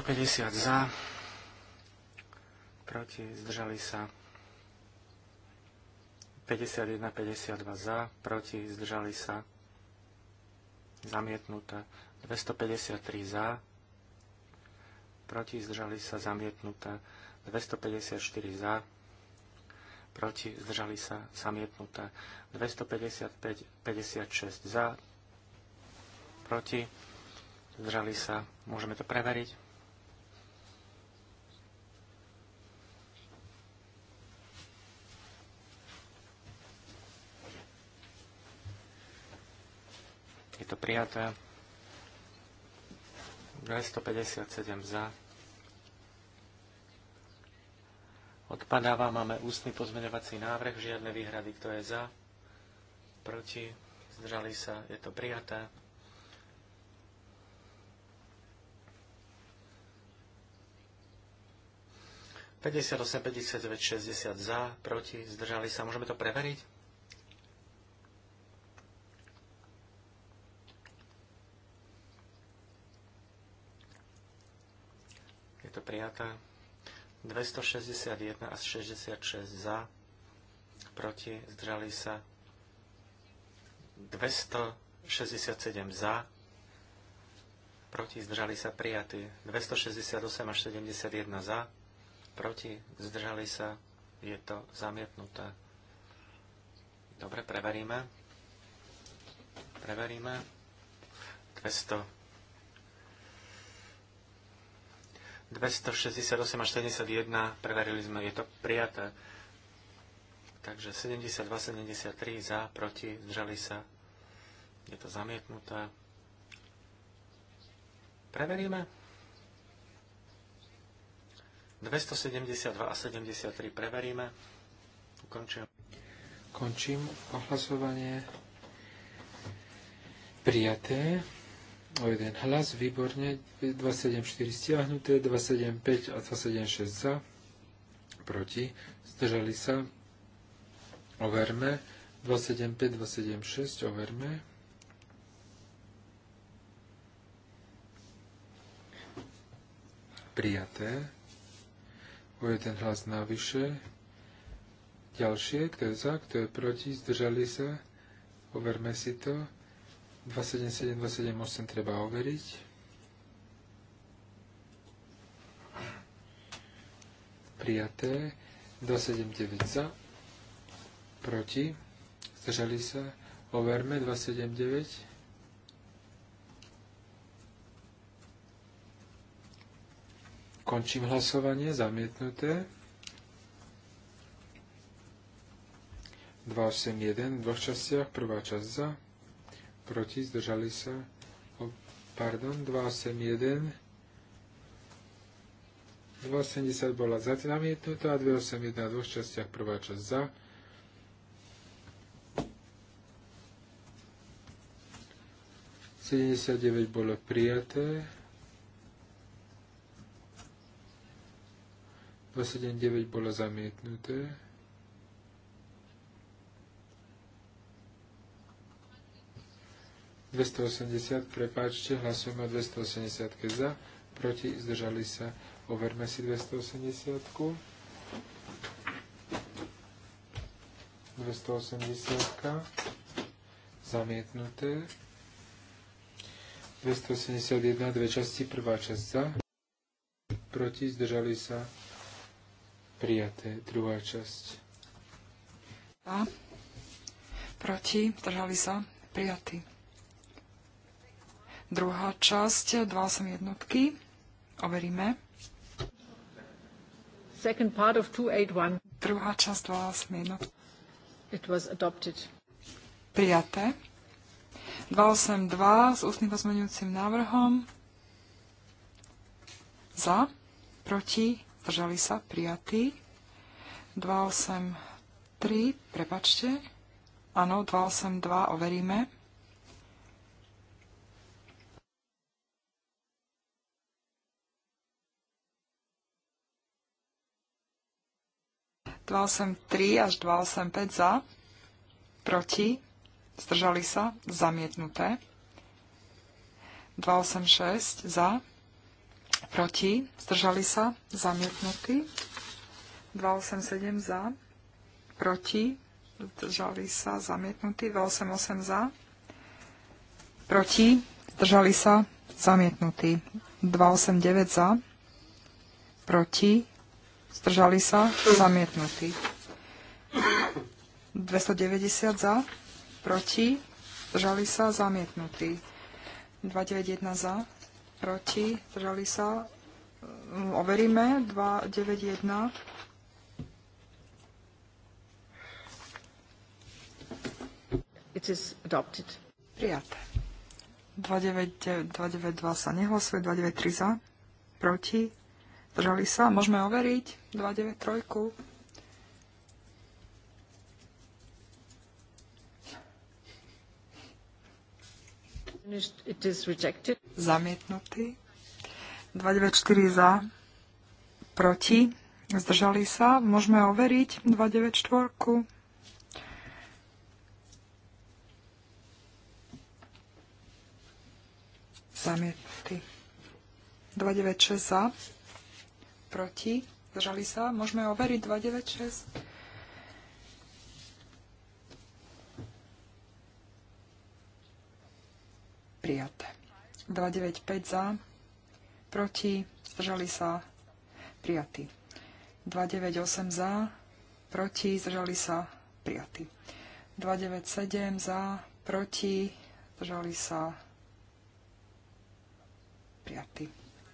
150 za, proti, zdržali sa 51, 52 za, proti, zdržali sa zamietnuté 253 za, proti, zdržali sa zamietnuté 254 za, proti, zdržali sa zamietnuté 255, 56 za, proti, zdržali sa, môžeme to preveriť. prijaté. 257 za. Odpadáva, máme ústny pozmeňovací návrh, žiadne výhrady, kto je za, proti, zdržali sa, je to prijaté. 58, osem, 60 za, proti, zdržali sa. Môžeme to preveriť? Je to prijaté. 261 a 66 za, proti, zdržali sa. 267 za, proti, zdržali sa prijatí. 268 až 71 za, proti, zdržali sa, je to zamietnuté. Dobre, preveríme. Preveríme. 200. 268 až 71 preverili sme, je to prijaté. Takže 72, 73 za, proti, zdržali sa. Je to zamietnuté. Preveríme. 272 a 73 preveríme. Ukončujem. Končím ohlasovanie. Prijaté o jeden hlas, výborne, 274 stiahnuté, 275 a 276 za, proti, zdržali sa, overme, 275, 276, overme. Prijaté. O jeden hlas navyše. Ďalšie, kto je za, kto je proti, zdržali sa. Overme si to. 277, 278 treba overiť. Prijaté. 279 za. Proti. Zdržali sa. Overme 279. Končím hlasovanie. Zamietnuté. 281 v dvoch častiach. Prvá časť za proti, zdržali sa, pardon, 281, 280 bola zamietnutá a 281 na dvoch častiach prvá časť za. ...79 bolo prijaté. 279 bolo zamietnuté. 280, prepáčte, hlasujeme o 280 za, proti, zdržali sa, overme si 280. 280 zamietnuté. 281, dve časti, prvá časť za, proti, zdržali sa, prijaté, druhá časť. A, proti, zdržali sa, prijatý. Druhá časť, 28 jednotky. Overíme. Second part of 281. Druhá časť, 28 jednotky. It was adopted. Prijaté. 282 s ústnym pozmeňujúcim návrhom. Za, proti, zdržali sa, prijatí. 283, prepačte. Áno, 282, overíme. 283 až 285 za, proti, zdržali sa, zamietnuté. 286 za, proti, zdržali sa, zamietnutí. 287 za, proti, zdržali sa, zamietnutí. 288 za, proti, zdržali sa, zamietnutí. 289 za, proti, Zdržali sa? Zamietnutí. 290 za. Proti? Zdržali sa? Zamietnutí. 291 za. Proti? Zdržali sa? Mm, overíme. 291. It is adopted. Prijaté. 292 sa nehlasuje, 293 za, proti, Zdržali sa? Môžeme overiť? 293. It is rejected. Zamietnutý. 294 za. Proti. Zdržali sa? Môžeme overiť? 294. Zamietnutý. 296 za proti, zdržali sa. Môžeme overiť 296. Prijaté. 295 za, proti, zdržali sa, Prijatý. 298 za, proti, zdržali sa, Prijatý. 297 za, proti, zdržali sa, Prijatý.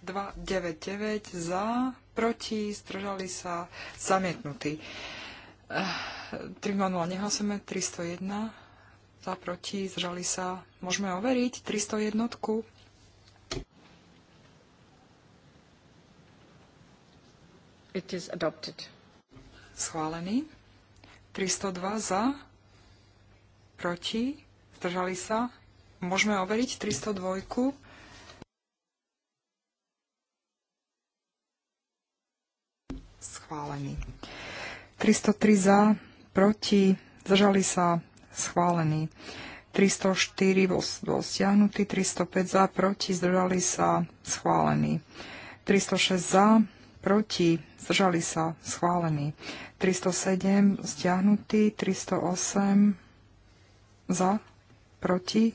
299 za, proti, zdržali sa, zamietnutý. 300 eh, nehlasujeme, 301 za, proti, zdržali sa. Môžeme overiť 301. It is adopted. Schválený. 302 za, proti, zdržali sa. Môžeme overiť 302. schválený. 303 za, proti, zdržali sa, schválený. 304 bol, bol stiahnutý, 305 za, proti, zdržali sa, schválený. 306 za, proti, zdržali sa, schválený. 307 stiahnutý, 308 za, proti.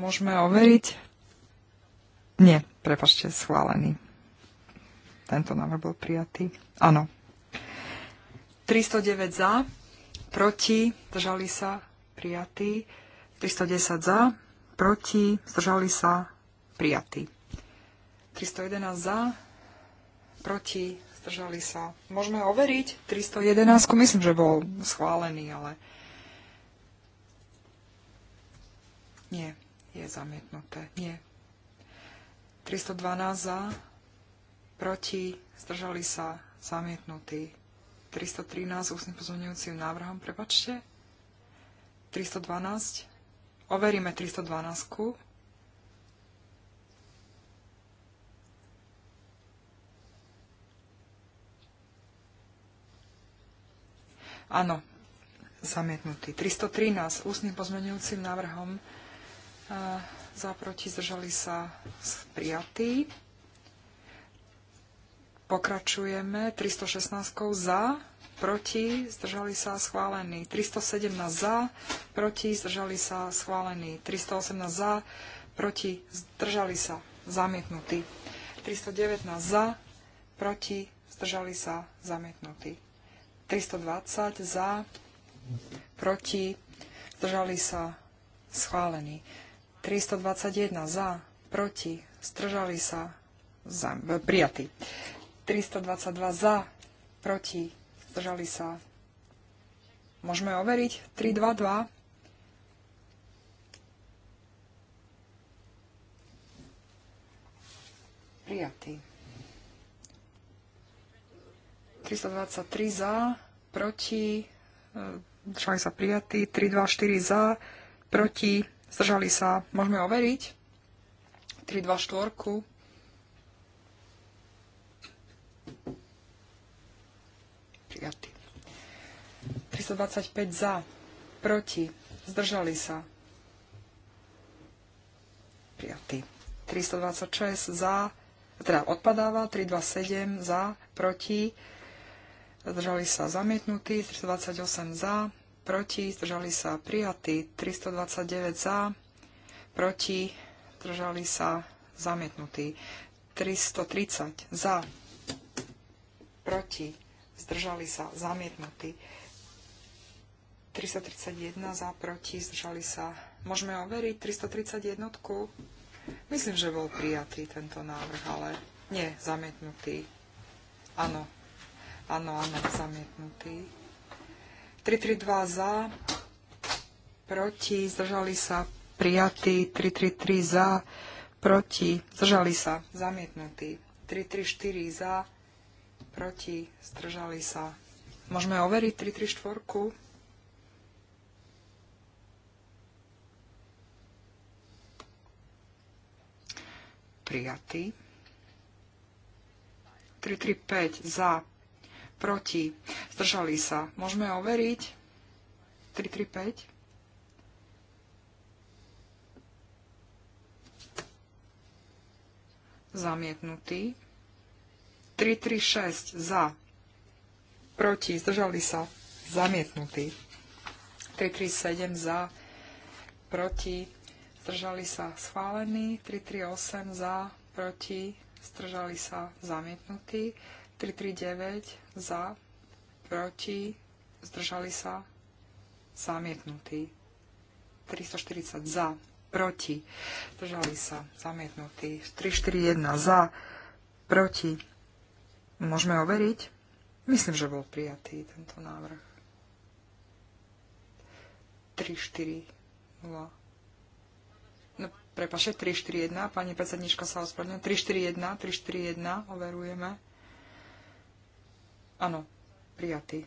Môžeme overiť? Nie, prepašte, schválený. Tento návrh bol prijatý. Áno. 309 za, proti, zdržali sa, prijatý. 310 za, proti, zdržali sa, prijatý. 311 za, proti, zdržali sa. Môžeme overiť 311, myslím, že bol schválený, ale nie, je zamietnuté, nie. 312 za, proti, zdržali sa, zamietnutí. 313 ústnym pozmeňujúcim návrhom, prepačte. 312. Overíme 312. -ku. Áno, zamietnutý. 313 ústnym pozmeňujúcim návrhom za proti zdržali sa prijatý. Pokračujeme 316 za, proti, zdržali sa schválení. 317 za, proti, zdržali sa schválení. 318 za, proti, zdržali sa zamietnutí. 319 za, proti, zdržali sa zamietnutí. 320 za, proti, zdržali sa schválení. 321 za, proti, zdržali sa prijatí. 322 za, proti, zdržali sa. Môžeme overiť. 322. Prijatý. 323 za, proti, e, zdržali sa prijatí, 324 za, proti, zdržali sa, môžeme overiť, 324 325 za, proti, zdržali sa. Prijatý. 326 za, teda odpadáva, 327 za, proti, zdržali sa zamietnutí, 328 za, proti, zdržali sa prijatí, 329 za, proti, zdržali sa zamietnutí, 330 za, proti, zdržali sa zamietnutí. 331 za, proti, zdržali sa. Môžeme overiť 331. -tku? Myslím, že bol prijatý tento návrh, ale nie, zamietnutý. Áno, áno, áno, zamietnutý. 332 za, proti, zdržali sa, prijatý, 333 za, proti, zdržali sa, zamietnutý, 334 za, proti, zdržali sa. Môžeme overiť 334? prijatý. 335 za, proti, zdržali sa. Môžeme overiť? 335? Zamietnutý. 336 za, proti, zdržali sa. Zamietnutý. 337 za, proti, zdržali sa schválení, 338 za, proti, zdržali sa zamietnutí, 339 za, proti, zdržali sa zamietnutí, 340 za, proti, zdržali sa zamietnutí, 341 za, proti. Môžeme overiť? Myslím, že bol prijatý tento návrh. 3, 4, 0 prepašte, 341, pani predsednička sa ospravedlňuje, 341, 341, overujeme. Áno, prijatý.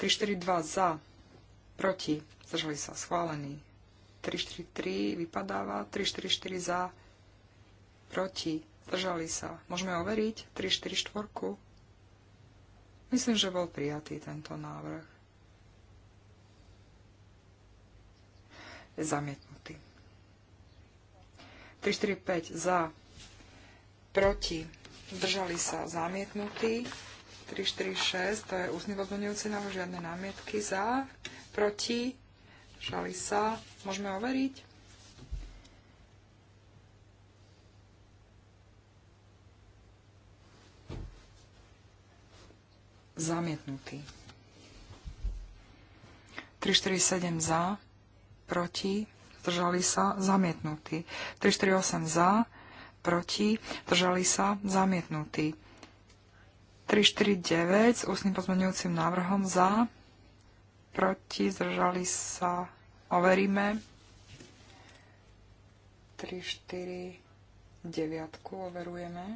342 za, proti, zdržali sa, schválený. 343 vypadáva, 344 za, proti, zdržali sa. Môžeme overiť 344. Myslím, že bol prijatý tento návrh. zamietnutý. 3, 4, 5 za, proti, držali sa zamietnutí. 3, 4, 6, to je ústny pozmeňujúci návrh, žiadne námietky za, proti, držali sa. Môžeme overiť? Zamietnutý. 347 za, proti, zdržali sa, zamietnutý. 348 za, proti, zdržali sa, zamietnutý. 349 s ústnym pozmeňujúcim návrhom za, proti, zdržali sa, overíme. 349 4, overujeme.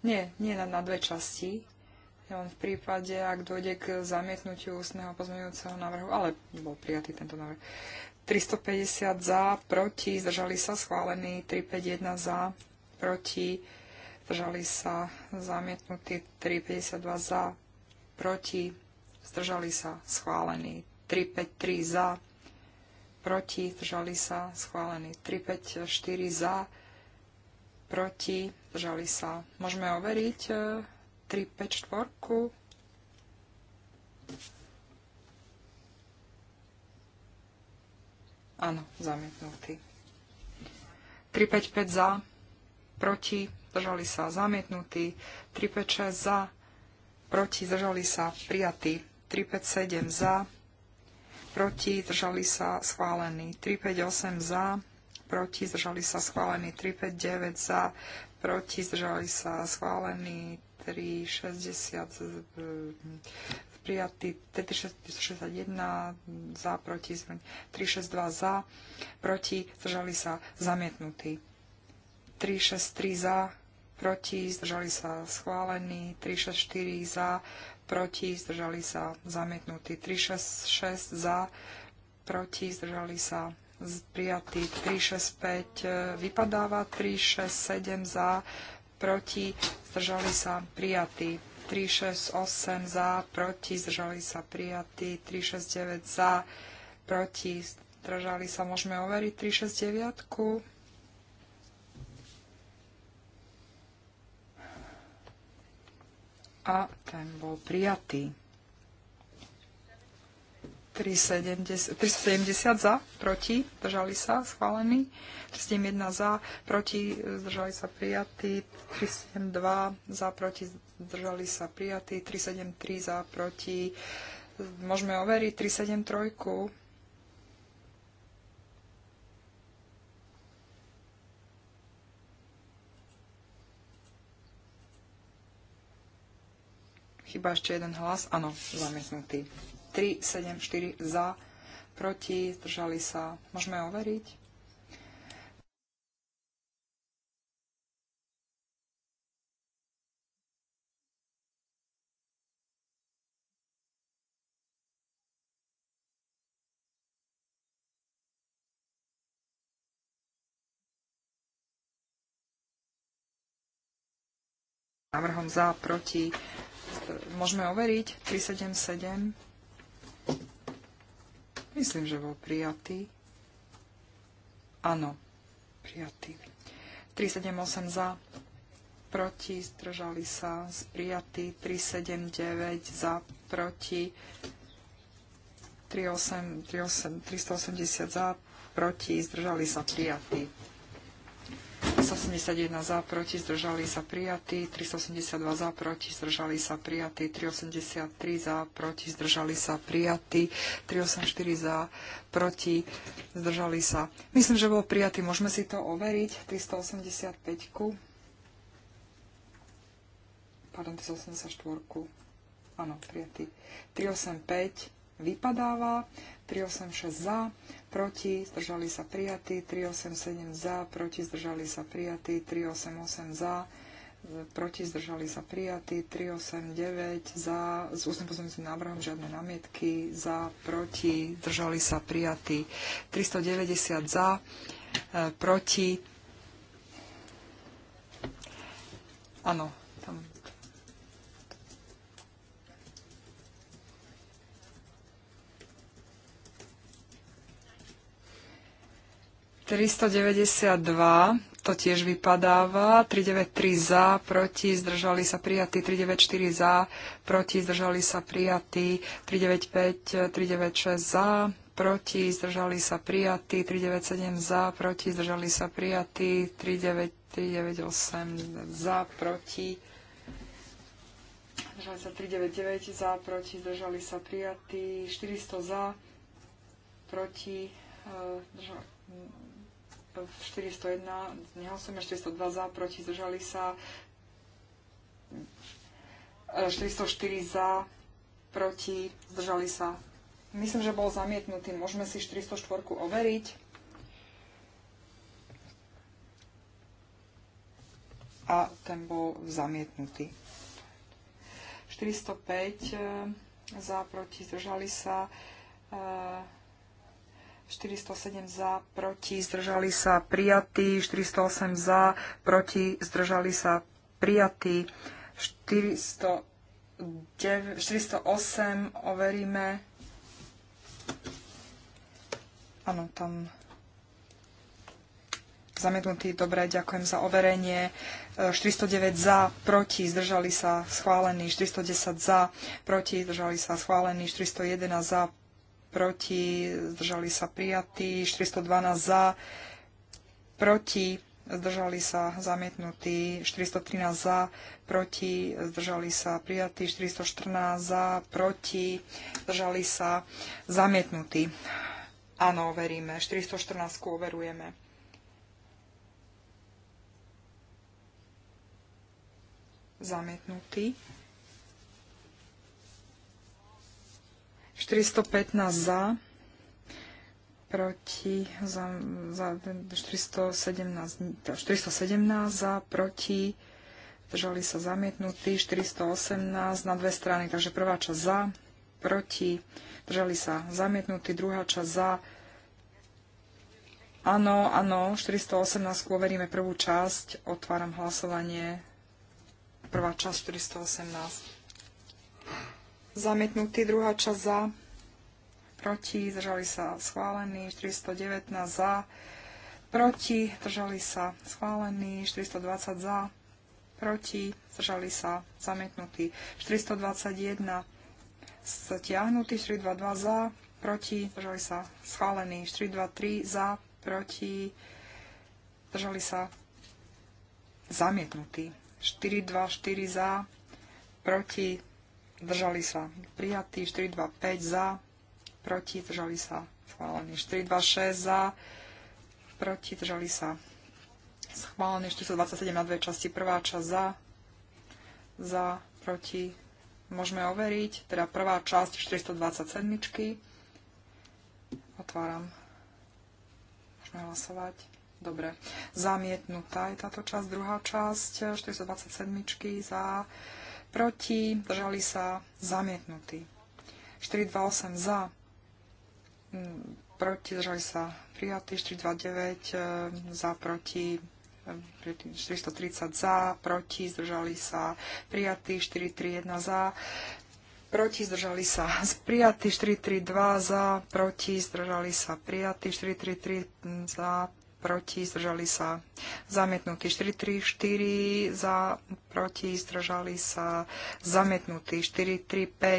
Nie, nie na, na dve časti len v prípade, ak dojde k zamietnutiu ústneho pozmeňujúceho návrhu, ale bol prijatý tento návrh. 350 za, proti, zdržali sa schválení, 351 za, proti, zdržali sa zamietnutí, 352 za, proti, zdržali sa schválení, 353 za, proti, zdržali sa schválení, 354 za, proti, zdržali sa. Môžeme overiť eh, 3, 5, 4. Áno, zamietnutý. 3, 5, 5 za, proti, držali sa, zamietnutý. 3, 5, 6 za, proti, zdržali sa, prijatý. 3, 5, 7 za, proti, držali sa, schválený. 3, 5, 8 za, proti, zdržali sa, schválený. 3, 5, 9 za, proti, zdržali sa, schválený. 3, 60, e, prijatý, 361 za, proti, 362 za, proti, zdržali sa, zamietnutý. 363 za, proti, zdržali sa, schválený. 364 za, proti, zdržali sa, zamietnutý. 366 za, proti, zdržali sa, prijatý 365 e, vypadáva, 367 za, proti, zdržali sa prijatí. 8 za, proti, zdržali sa prijatí. 369 za, proti, zdržali sa. Môžeme overiť 369. 9. A ten bol prijatý. 370, za, proti, držali sa, schválený. 301 za, proti, zdržali sa, prijatí. 372 za, proti, zdržali sa, prijatí. 373 za, proti, môžeme overiť 373. Chyba ešte jeden hlas. Áno, zamietnutý. 3, 7, 4 za, proti, zdržali sa. Môžeme overiť? Návrhom za, proti, môžeme overiť 377. Myslím, že bol prijatý. Áno, prijatý. 378 za, proti, zdržali sa, prijatý. 379 za, proti, 38, 38, 380 za, proti, zdržali sa, prijatý. 381 za, proti, zdržali sa prijatí, 382 za, proti, zdržali sa prijatí, 383 za, proti, zdržali sa prijatí, 384 za, proti, zdržali sa. Myslím, že bol prijatý. Môžeme si to overiť. 385. -ku. Pardon, 384. -ku. Áno, prijatý. 385 vypadáva. 386 za, proti, zdržali sa prijatí. 387 za, proti, zdržali sa prijatí. 388 za, proti, zdržali sa prijatí. 389 za, s ústnym pozorným návrhom žiadne namietky. Za, proti, zdržali sa prijatí. 390 za, e, proti, Áno, 392, to tiež vypadáva. 393 za, proti, zdržali sa prijatí. 394 za, proti, zdržali sa prijatí. 395, 396 za, proti, zdržali sa prijatí. 397 za, proti, zdržali sa prijatí. 398 za, proti. Zdržali sa 399 za, proti, zdržali sa prijatí. 400 za, proti, eh, 401, nehlasujeme 402 za, proti zdržali sa 404 e, za, proti zdržali sa. Myslím, že bol zamietnutý. Môžeme si 404 overiť. A ten bol zamietnutý. 405 e, za, proti zdržali sa. E, 407 za, proti, zdržali sa prijatí. 408 za, proti, zdržali sa prijatí. 408 overíme. Áno, tam zamietnutý. Dobre, ďakujem za overenie. 409 za, proti, zdržali sa, schválený. 410 za, proti, zdržali sa, schválený. 411 za, proti, zdržali sa prijatí, 412 za, proti, zdržali sa zamietnutí, 413 za, proti, zdržali sa prijatí, 414 za, proti, zdržali sa zamietnutí. Áno, overíme, 414 overujeme. Zamietnutý. 415 za, proti, za, za 417, 417 teda za, proti, držali sa zamietnutí, 418 na dve strany, takže prvá časť za, proti, držali sa zamietnutí, druhá časť za, áno, áno, 418 overíme prvú časť, otváram hlasovanie, prvá časť 418. Zamietnutý druhá časť za. Proti. Zdržali sa schválení. 419 za. Proti. Zdržali sa schválení. 420 za. Proti. Zdržali sa zamietnutí. 421 stiahnutý. 422 za. Proti. Zdržali sa schválení. 423 za. Proti. Zdržali sa zamietnutí. 424 za. Proti zdržali sa prijatí, 425 za, proti, zdržali sa schválení, 426 za, proti, zdržali sa schválené 427 na dve časti. Prvá časť za, za, proti. Môžeme overiť, teda prvá časť 427. Otváram. Môžeme hlasovať. Dobre. Zamietnutá je táto časť. Druhá časť 427. za, proti, držali sa, zamietnutí, 428 mm, e, za, proti, držali sa, prijatý. 429 za, proti, 430 za, proti, zdržali sa, prijatí, 431 za, proti, zdržali sa, prijatí, 432 mm, za, proti, zdržali sa, prijatý. 433 za, proti, zdržali sa zamietnutí. 4 za, proti, zdržali sa zamietnutí. 5 e, e,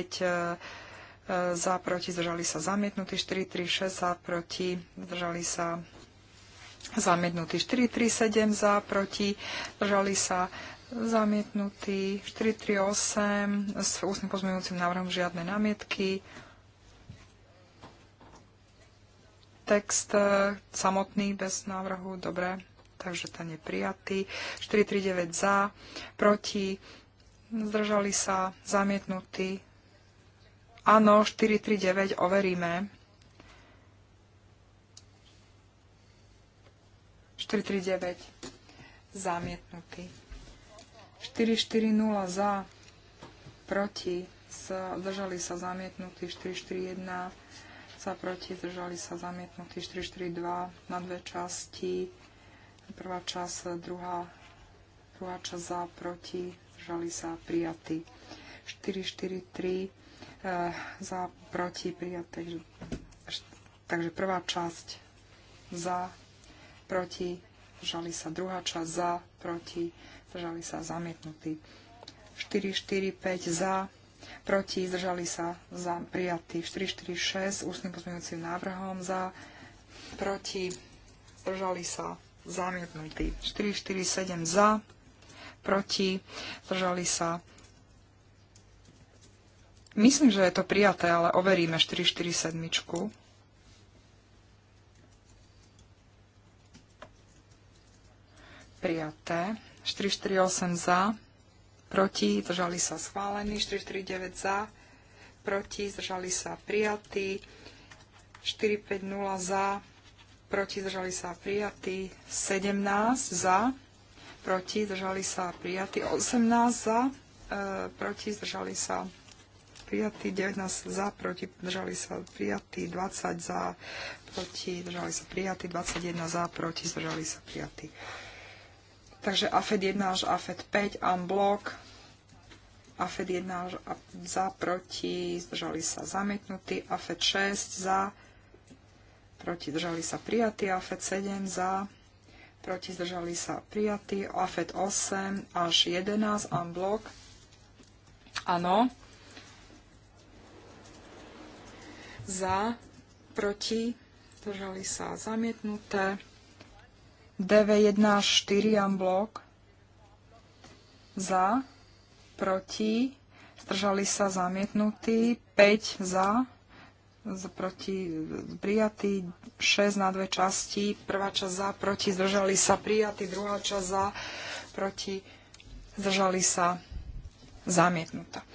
za, proti, zdržali sa zamietnutí. 6 za, proti, zdržali sa zamietnutí. 7 za, proti, zdržali sa zamietnutí. 8 s ústnym pozmeňujúcim návrhom žiadne námietky. text e, samotný bez návrhu, dobre, takže ten je prijatý. 439 za, proti, zdržali sa, zamietnutý. Áno, 439 overíme. 439 zamietnutý. 440 za, proti, zdržali sa zamietnutí 441 sa proti, držali sa zamietnutí 4-4-2 na dve časti. Prvá čas druhá, druhá časť za proti, zdržali sa prijatí. 4-4-3 e, eh, za proti prijatí. Takže prvá časť za proti, zdržali sa druhá časť za proti, držali sa zamietnutí. 4-4-5 za proti proti, zdržali sa za prijatý 446 ústnym pozmeňujúcim návrhom za, proti, zdržali sa zamietnutý 447 za, proti, zdržali sa Myslím, že je to prijaté, ale overíme 447. Prijaté. 448 za, proti, zdržali sa schválení, 449 za, proti, zdržali sa prijatí, 450 za, proti, zdržali sa prijatí, 17 za, proti, zdržali sa prijatí, 18 za, e, proti, zdržali sa prijatí, 19 za, proti, zdržali sa prijatí, 20 za, proti, zdržali sa prijatí, 21 za, proti, zdržali sa prijatí. Takže AFED 1 až AFED 5, unblock. AFED 1 až za, proti, zdržali sa zamietnutí. AFED 6 za, proti, zdržali sa prijatí. AFED 7 za, proti, zdržali sa prijatí. AFED 8 až 11, unblock. Áno. Za, proti, zdržali sa zamietnuté. DV1 až 4 amblok za, proti, zdržali sa zamietnutí, 5 za, proti prijatí, 6 na dve časti. Prvá časť za, proti zdržali sa prijatí, druhá časť za, proti zdržali sa zamietnutá.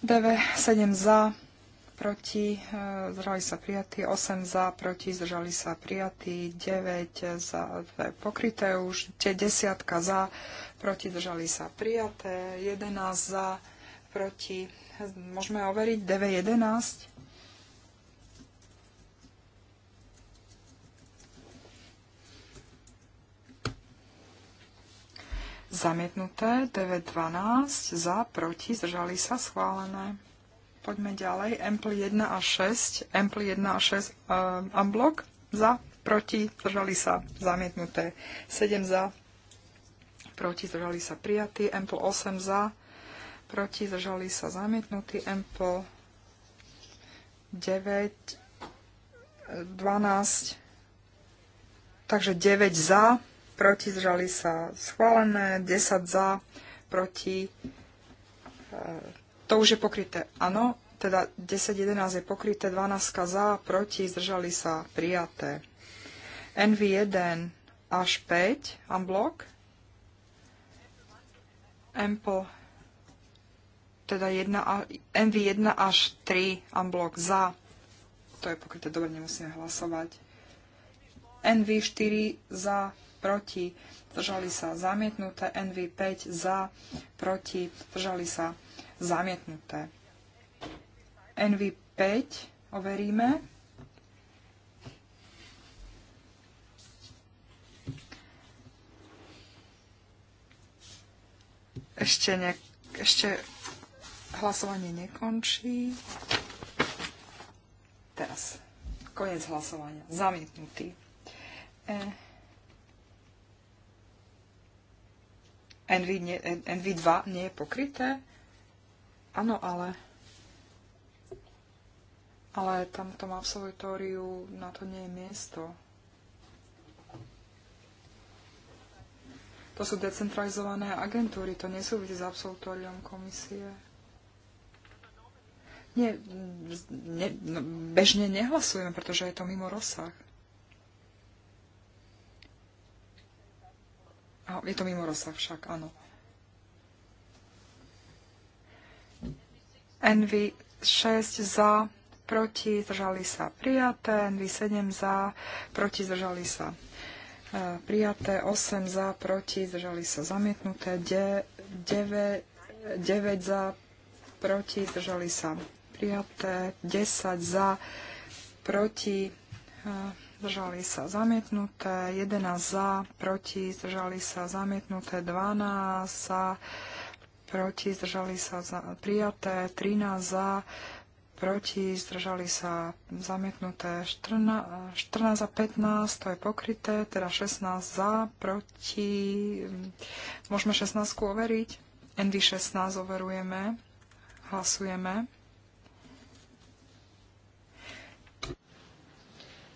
DV 7 za, proti, e, zdržali sa prijatí, 8 za, proti, zdržali sa prijatí, 9 za, pokryté už, tie desiatka za, proti, zdržali sa prijaté, 11 za, proti, môžeme overiť, 9, 11. Zamietnuté, 9, 12, za, proti, zdržali sa, schválené. Poďme ďalej. Ampli 1 a 6. Ampli 1 a 6 uh, eh, unblock. Za, proti, zdržali sa zamietnuté. 7 za, proti, zdržali sa prijatí. Ampli 8 za, proti, zdržali sa zamietnutí. Ampli 9, 12, eh, takže 9 za, proti zdržali sa schválené, 10 za, proti e, to už je pokryté. Áno, teda 10.11 je pokryté, 12 za, proti, zdržali sa, prijaté. NV1 až 5, unblock. Ample, teda 1, NV1 až 3, unblock, za. To je pokryté, dobre, nemusíme hlasovať. NV4 za, proti, zdržali sa, zamietnuté. NV5 za, proti, zdržali sa, zamietnuté. NV5 overíme. Ešte, ne, ešte hlasovanie nekončí. Teraz koniec hlasovania. Zamietnutý. E, NV, 2 nie je pokryté. Áno, ale... Ale tam v tom absolutóriu na to nie je miesto. To sú decentralizované agentúry, to nesúvisí s absolutóriom komisie. Nie, ne, no, bežne nehlasujeme, pretože je to mimo rozsah. je to mimo rozsah však, áno. NV 6 za, proti, zdržali sa prijaté, NV7 e, za, proti, zdržali sa prijaté, 8 e, za, proti, zdržali sa zamietnuté, 9, 9 za, proti, zdržali sa prijaté, 10 za, proti, zdržali sa zamietnuté, 11 za, proti, zdržali sa zamietnuté, 12 za, proti, zdržali sa za, prijaté, 13 za, proti, zdržali sa zamietnuté 14, 14 a 15, to je pokryté, teda 16 za, proti, môžeme 16 overiť, NV16 overujeme, hlasujeme.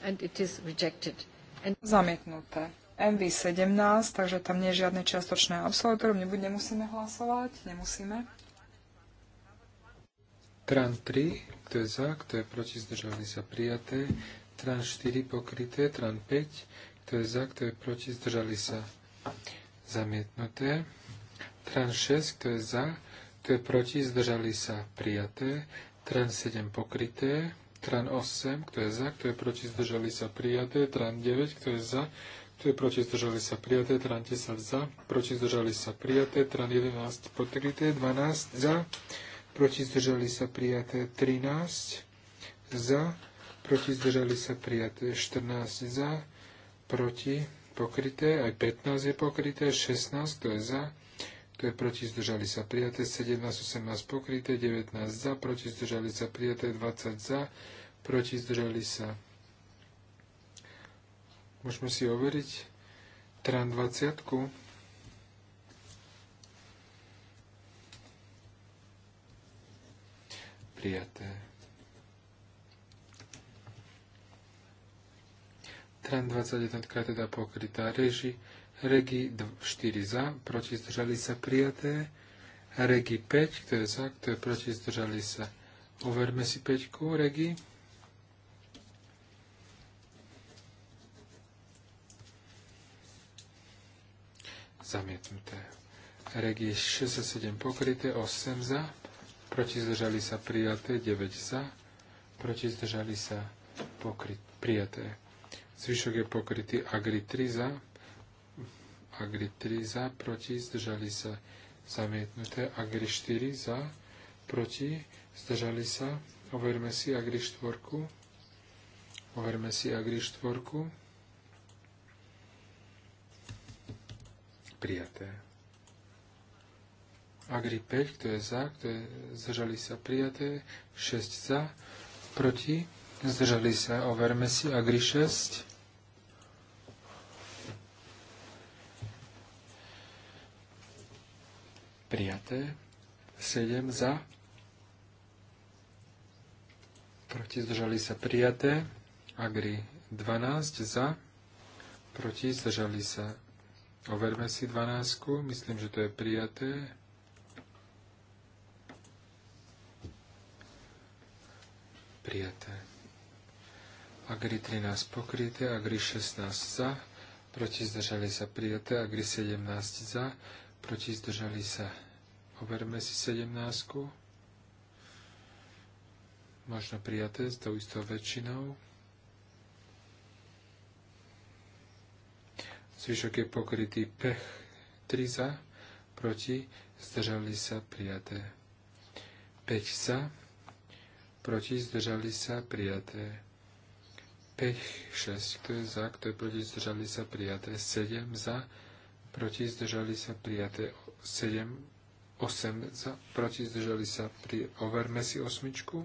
And it is rejected. And... Zamietnuté. MV17, takže tam nie je žiadne čiastočné absolutorium, nebude nemusíme hlasovať, nemusíme. Tran 3, kto je za, kto je proti, zdržali sa prijaté. Tran 4 pokryté, Tran 5, kto je za, kto je proti, zdržali sa zamietnuté. Tran 6, kto je za, kto je proti, zdržali sa prijaté. Tran 7 pokryté, Tran 8, kto je za, kto je proti, zdržali sa prijaté. Tran 9, kto je za, to je proti zdržali sa prijaté, tran 10 za, proti zdržali sa prijaté, tran 11 pokryté, 12 za, proti zdržali sa prijaté 13 za, proti zdržali sa prijaté 14 za, proti pokryté, aj 15 je pokryté, 16 to je za, to je proti zdržali sa prijaté, 17, 18 pokryté, 19 za, proti zdržali sa prijaté, 20 za, proti zdržali sa prijaté. Môžeme si overiť trán 20. Prijaté. Trán 21 je teda pokrytá reži. Regi 4 za, proti zdržali sa prijaté. Regi 5, kto je za, kto je proti, zdržali sa. Overme si 5, Regi. zamietnuté. je 6 a 7 pokryté, 8 za, proti zdržali sa prijaté, 9 za, proti zdržali sa pokryt, prijaté. Zvyšok je pokrytý Agri 3 za, Agri 3 za, proti zdržali sa zamietnuté, Agri 4 za, proti zdržali sa, overme si Agri 4, overme si Agri 4, prijaté. Agri 5, kto je za, kto je, zdržali sa prijaté, 6 za, proti, zdržali sa, overme si, Agri 6. Prijaté, 7 za, proti, zdržali sa, prijaté, Agri 12 za, proti, zdržali sa, Overme si dvanásku, Myslím, že to je prijaté. Prijaté. Agri 13 pokryté, Agri 16 za, proti zdržali sa prijaté, Agri 17 za, proti zdržali sa. Overme si 17. Možno prijaté s tou istou väčšinou. zvyšok je pokrytý pech triza, za, proti, zdržali sa prijaté. Peť za, proti, zdržali sa prijaté. Pech 6, kto je za, kto je proti, zdržali sa prijaté. 7 za, proti, zdržali sa prijaté. 7, 8 za, proti, zdržali sa prijaté. Overme si osmičku.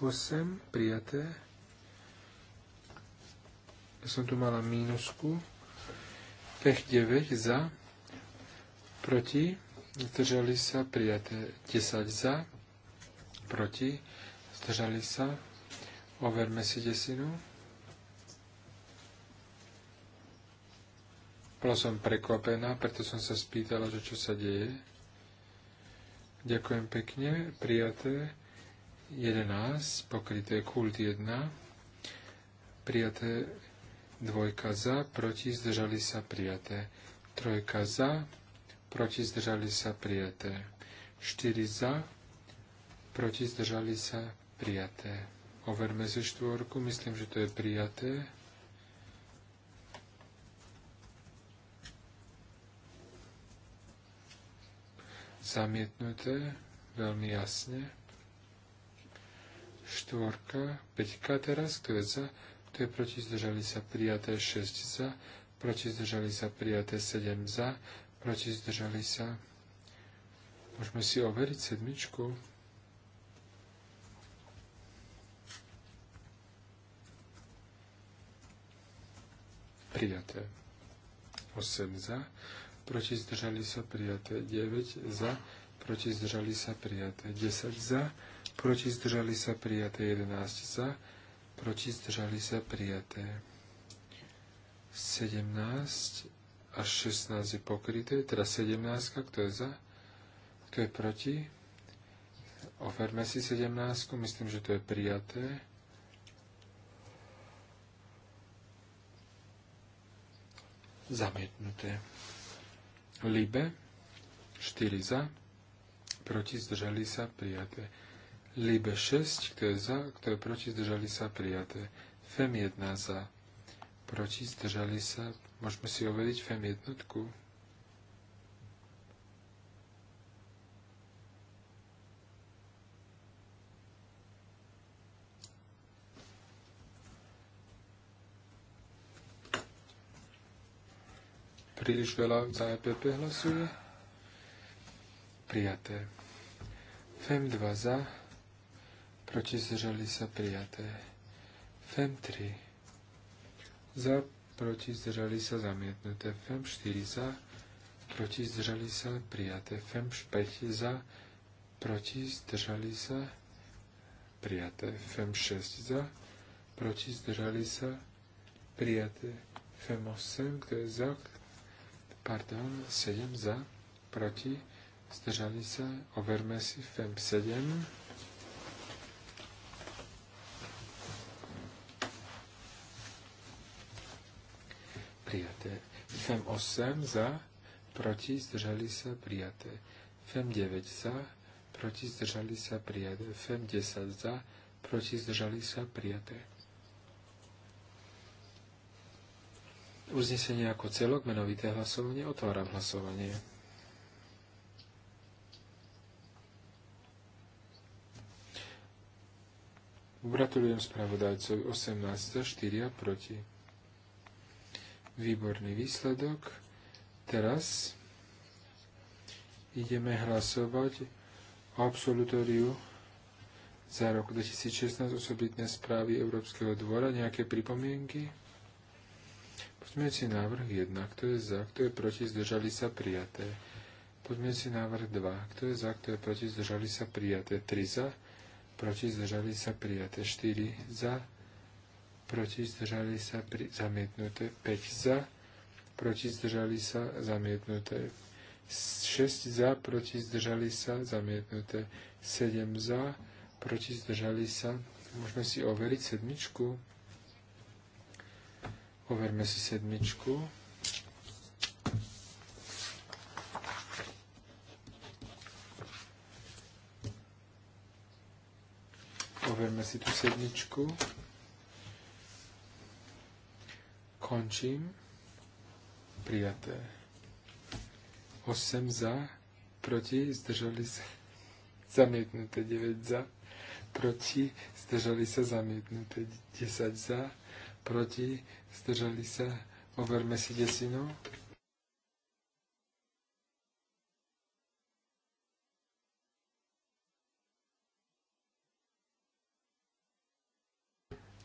8, prijaté. Ja som tu mala mínusku. Pech 9 za, proti, zdržali sa, prijaté 10 za, proti, zdržali sa, overme si desinu. Bola som prekvapená, preto som sa spýtala, že čo sa deje. Ďakujem pekne, prijaté 11, pokryté kult 1, prijaté dvojka za, proti zdržali sa prijaté, trojka za, proti zdržali sa prijaté, 4 za, proti zdržali sa prijaté. Overme si štvorku, myslím, že to je prijaté. Zamietnuté, veľmi jasne štvorka, peťka teraz, kto je za, kto je proti, zdržali sa prijaté 6 za, proti zdržali sa prijaté 7 za, proti zdržali sa. Môžeme si overiť sedmičku. Prijaté 8 za, proti zdržali sa prijaté 9 za, proti zdržali sa prijaté 10 za, proti zdržali sa prijaté 11 za, proti zdržali sa prijaté 17 a 16 je pokryté, teda 17, kto je za, kto je proti. oferme si 17, myslím, že to je prijaté. Zamietnuté. Libe, 4 za, proti zdržali sa prijaté. Libe 6, kto je za, kto je proti, zdržali sa prijaté. FEM 1 za, proti, zdržali sa. Môžeme si overiť FEM jednotku. Príliš veľa za EPP hlasuje. Prijaté. FEM 2 za, proti zdržali sa prijaté. FEM 3 za, proti zdržali sa zamietnuté. FEM 4 za, proti zdržali sa prijaté. FEM 5 za, proti zdržali sa prijaté. FEM 6 za, proti zdržali sa prijaté. FEM 8, kto je za, pardon, 7 za, proti zdržali sa, overme si FEM 7. prijaté. FEM 8 za, proti, zdržali sa, prijaté. FEM 9 za, proti, zdržali sa, prijaté. FEM 10 za, proti, zdržali sa, prijaté. Uznesenie ako celok, menovité hlasovanie, otváram hlasovanie. Gratulujem spravodajcovi 18 za 4 a proti. Výborný výsledok. Teraz ideme hlasovať o absolutóriu za rok 2016 osobitné správy Európskeho dvora. Nejaké pripomienky? Pozmeňujúci návrh 1. Kto je za? Kto je proti? Zdržali sa prijaté. Pozmeňujúci návrh 2. Kto je za? Kto je proti? Zdržali sa prijaté. 3 za. Proti? Zdržali sa prijaté. 4 za proti zdržali sa pri, zamietnuté, 5 za, proti zdržali sa zamietnuté, 6 za, proti zdržali sa zamietnuté, 7 za, proti zdržali sa. Môžeme si overiť sedmičku. Overme si sedmičku. Overme si tú sedmičku. Končím. Prijaté. 8 za, proti, zdržali sa. Zamietnuté 9 za, proti, zdržali sa zamietnuté 10 za, proti, zdržali sa. Overme si desinu.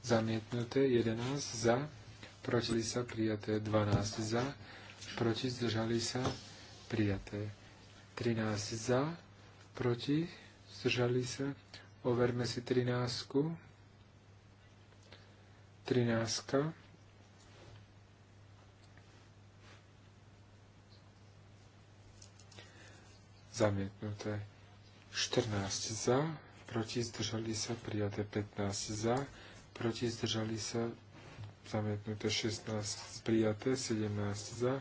Zamietnuté 11 za, proti sa prijaté 12 za, proti zdržali sa prijaté 13 za, proti zdržali sa, overme si 13, 13, zamietnuté 14 za, proti zdržali sa prijaté 15 za, proti zdržali sa zamietnuté 16, prijaté 17 za,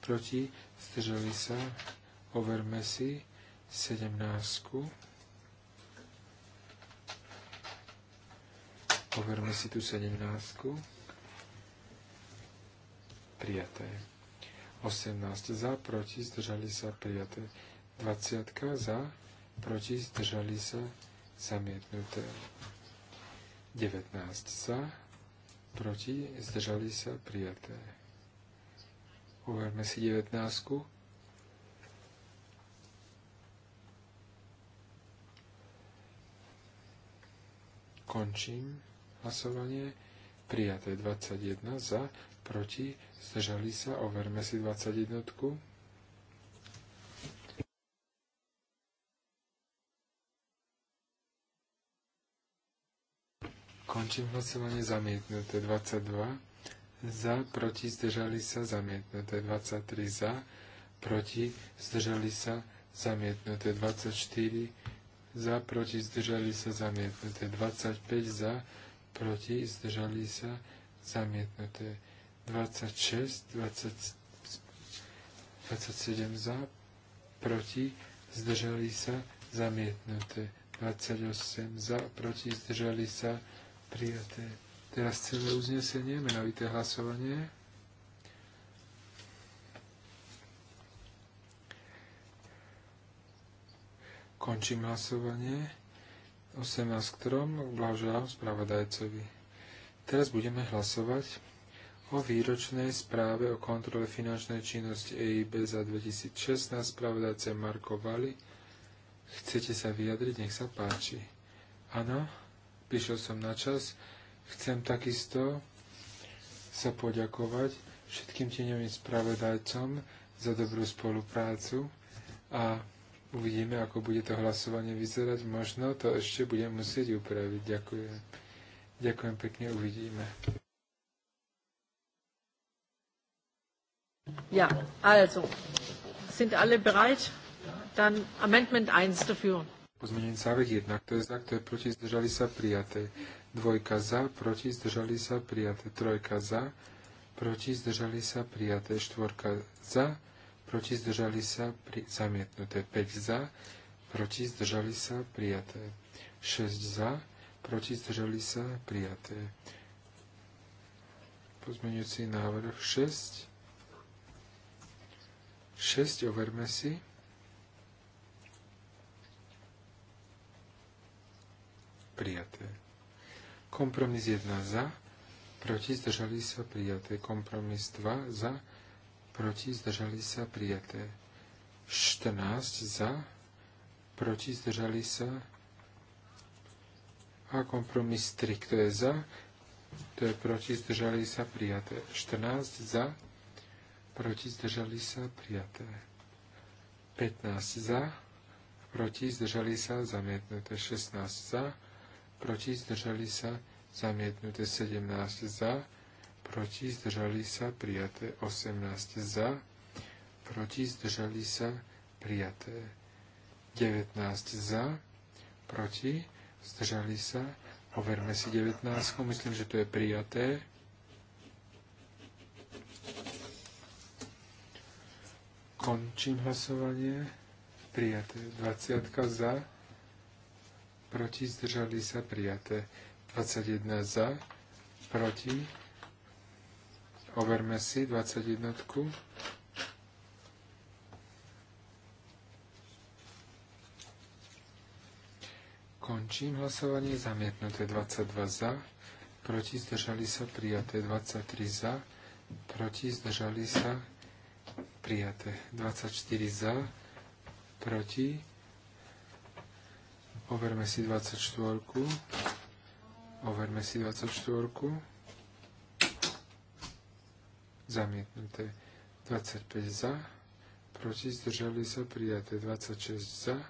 proti, zdržali sa, overme si 17. Overme si tu 17. Prijaté. 18 za, proti, zdržali sa, prijaté. 20 za, proti, zdržali sa, zamietnuté. 19 za, proti, zdržali sa, prijaté. Uverme si 19. Končím hlasovanie. Prijaté 21 za, proti, zdržali sa, overme si 21. Končím hlasovanie zamietnuté 22. Za, proti, zdržali sa zamietnuté 23. Za, proti, zdržali sa zamietnuté 24. Za, proti, zdržali sa zamietnuté 25. Za, proti, zdržali sa zamietnuté 26, 20, 27 za, proti, zdržali sa zamietnuté 28 za, proti, zdržali sa zamietnuté Prijaté. Teraz celé uznesenie, menovité hlasovanie. Končím hlasovanie. 18 k 3. spravodajcovi. Teraz budeme hlasovať o výročnej správe o kontrole finančnej činnosti EIB za 2016. Spravodajce Marko Vali. Chcete sa vyjadriť? Nech sa páči. Áno? prišiel som na čas. Chcem takisto sa poďakovať všetkým tieňovým spravodajcom za dobrú spoluprácu a uvidíme, ako bude to hlasovanie vyzerať. Možno to ešte budem musieť upraviť. Ďakujem. Ďakujem pekne, uvidíme. Ja, also, sind alle bereit? Dann Amendment 1 dafür. Pozmenený návrh 1, kto je za, kto je proti, zdržali sa prijaté. Dvojka za, proti, zdržali sa prijaté. Trojka za, proti, zdržali sa prijaté. Štvorka za, proti, zdržali sa pri, zamietnuté. 5 za, proti, zdržali sa prijaté. 6 za, proti, zdržali sa prijaté. Pozmenujúci návrh 6. 6 overme si. prijaté. Kompromis 1 za, proti zdržali sa prijaté. Kompromis 2 za, proti zdržali sa prijaté. 14 za, proti zdržali sa a kompromis 3, kto je za, to je proti, zdržali sa prijaté. 14 za, proti, zdržali sa prijaté. 15 za, proti, zdržali sa zamietnuté. 16 za, proti, zdržali sa, zamietnuté 17 za, proti, zdržali sa, prijaté 18 za, proti, zdržali sa, prijaté 19 za, proti, zdržali sa, overme si 19, myslím, že to je prijaté. Končím hlasovanie. Prijaté 20 za proti, zdržali sa prijaté. 21 za, proti, overme si 21. Končím hlasovanie, zamietnuté 22 za, proti, zdržali sa prijaté 23 za, proti, zdržali sa prijaté 24 za, proti, Overme si 24. Overme si 24. Zamietnuté. 25 za. Proti zdržali sa prijaté. 26 za.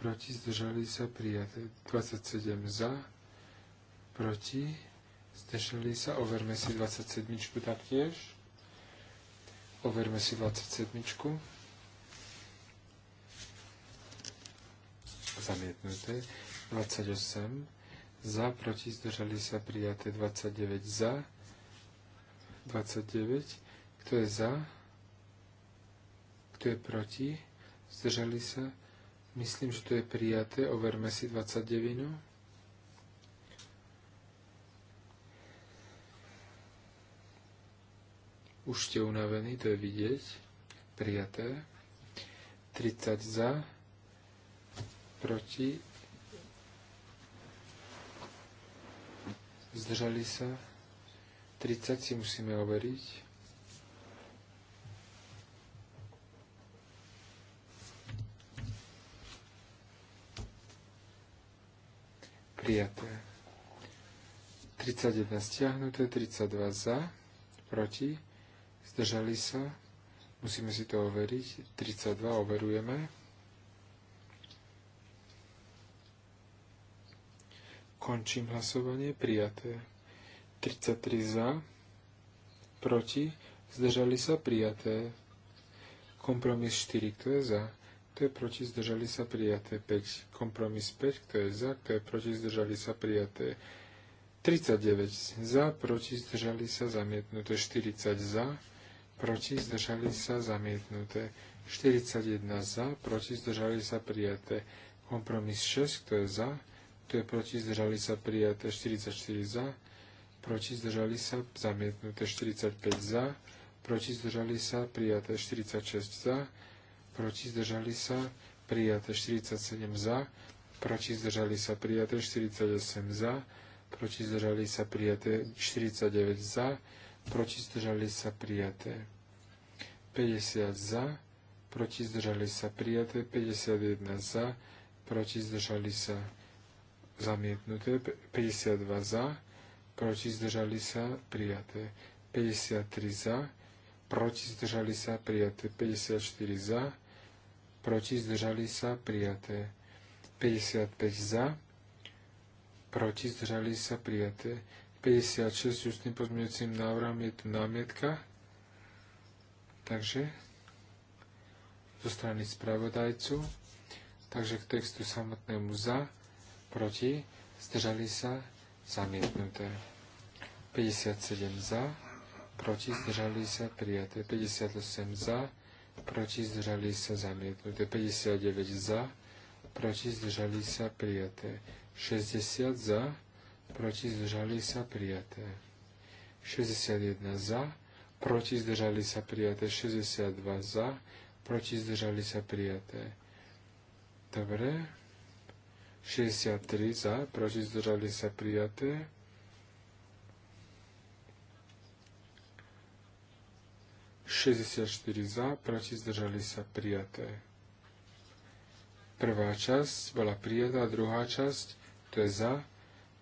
Proti zdržali sa prijaté. 27 za. Proti zdržali sa. Overme si 27 taktiež. Overme si 27. zamietnuté, 28 za, proti zdržali sa prijaté 29 za, 29, kto je za, kto je proti, zdržali sa, myslím, že to je prijaté, overme si 29. Už ste unavení, to je vidieť, prijaté, 30 za, proti, zdržali sa, 30 si musíme overiť. Prijaté. 31 stiahnuté, 32 za, proti, zdržali sa, musíme si to overiť, 32 overujeme. Končím hlasovanie. Prijaté. 33 za. Proti. Zdržali sa. Prijaté. Kompromis 4. Kto je za? Kto je proti? Zdržali sa. Prijaté. 5. Kompromis 5. Kto je za? Kto je proti? Zdržali sa. Prijaté. 39 za, proti zdržali sa zamietnuté, 40 za, proti zdržali sa zamietnuté, 41 za, proti zdržali sa prijaté, kompromis 6, kto je za, to je proti, zdržali sa prijaté 44 za, proti zdržali sa zamietnuté 45 za, proti zdržali sa prijaté 46 za, proti zdržali sa prijaté 47 za, proti zdržali sa prijaté 48 za, proti zdržali sa prijaté 49 za, proti zdržali sa prijaté 50 za, proti zdržali sa prijaté 51 za, proti zdržali sa prijaté zamietnuté, 52 za, proti zdržali sa, prijaté, 53 za, proti zdržali sa, prijaté, 54 za, proti zdržali sa, prijaté, 55 za, proti zdržali sa, prijaté, 56 s ústnym pozmeňujúcim návrhom je tu námietka, takže zo strany spravodajcu, takže k textu samotnému za, proti, zdržali sa, zamietnuté. 57 za, proti, zdržali sa, prijaté. 58 za, proti, zdržali sa, zamietnuté. 59 za, proti, zdržali sa, prijaté. 60 za, proti, zdržali sa, prijaté. 61 za, proti, zdržali sa, prijaté. 62 za, proti, zdržali sa, prijaté. Dobre. 63 za, proti zdržali sa prijaté. Šesťdesiatštyri za, proti zdržali sa prijaté. Prvá časť bola prijatá, druhá časť, to je za,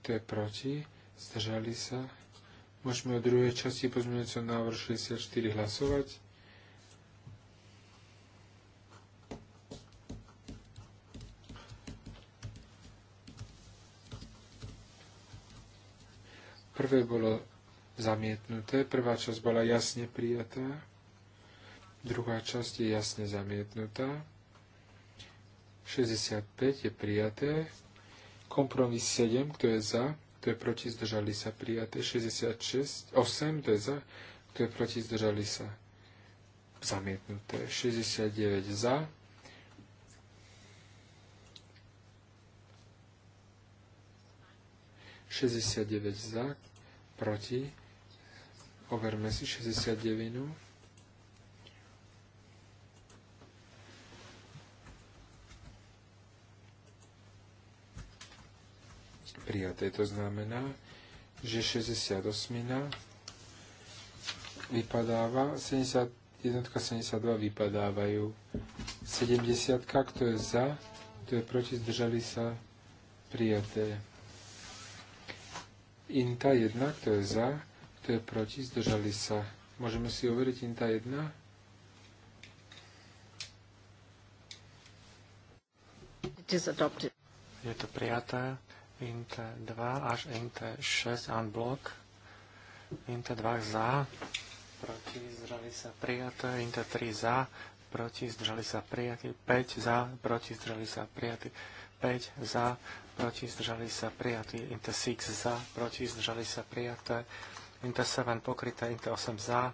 to je proti, zdržali sa. Môžeme o druhej časti pozmeňujúceho návrhu 64 hlasovať. Prvé bolo zamietnuté, prvá časť bola jasne prijatá, druhá časť je jasne zamietnutá, 65 je prijaté, kompromis 7, kto je za, kto je proti, zdržali sa prijaté, 66, 8, kto je za, kto je proti, zdržali sa zamietnuté, 69 za, 69 za, proti, overme si 69. Prijaté to znamená, že 68 vypadáva, 71, 72 vypadávajú. 70, kto je za, kto je proti, zdržali sa prijaté. Inta 1, kto je za, kto je proti, zdržali sa. Môžeme si overiť Inta 1? Je to prijaté. int 2 až int 6 unblock. Inta 2 za, proti, zdržali sa prijaté. Inta 3 za, proti, zdržali sa prijatí. 5 za, proti, zdržali sa prijatí. 5 za, proti, zdržali sa prijatí, inte 6 za, proti, zdržali sa prijaté, inte 7 pokryté, inte 8 za,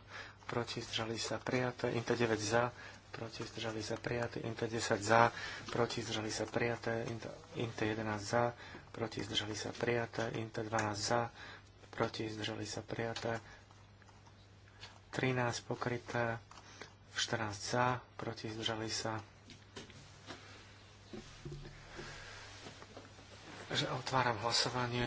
proti, zdržali sa prijaté, inte 9 za, proti, zdržali sa prijaté, inte 10 za, proti, zdržali sa prijaté, inte 11 za, proti, zdržali sa prijaté, inte 12 za, proti, zdržali sa prijaté, 13 pokryté, 14 za, proti, zdržali sa prijaté, Takže otváram hlasovanie.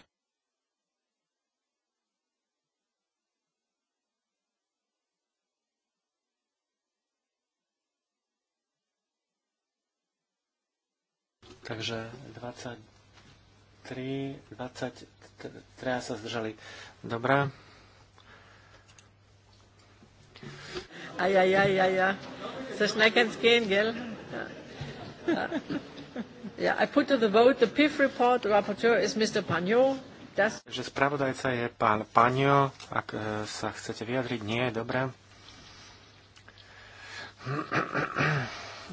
Takže 23, 23 sa zdržali. Dobrá. Aj, aj, aj, aj, aj. So schnell kann's gehen, gell? Ja. ja. I put to the vote the PIF report. The rapporteur is Mr. Pagnot. Das... Takže spravodajca je pán Paňo. Ak e, sa chcete vyjadriť, nie, je dobré.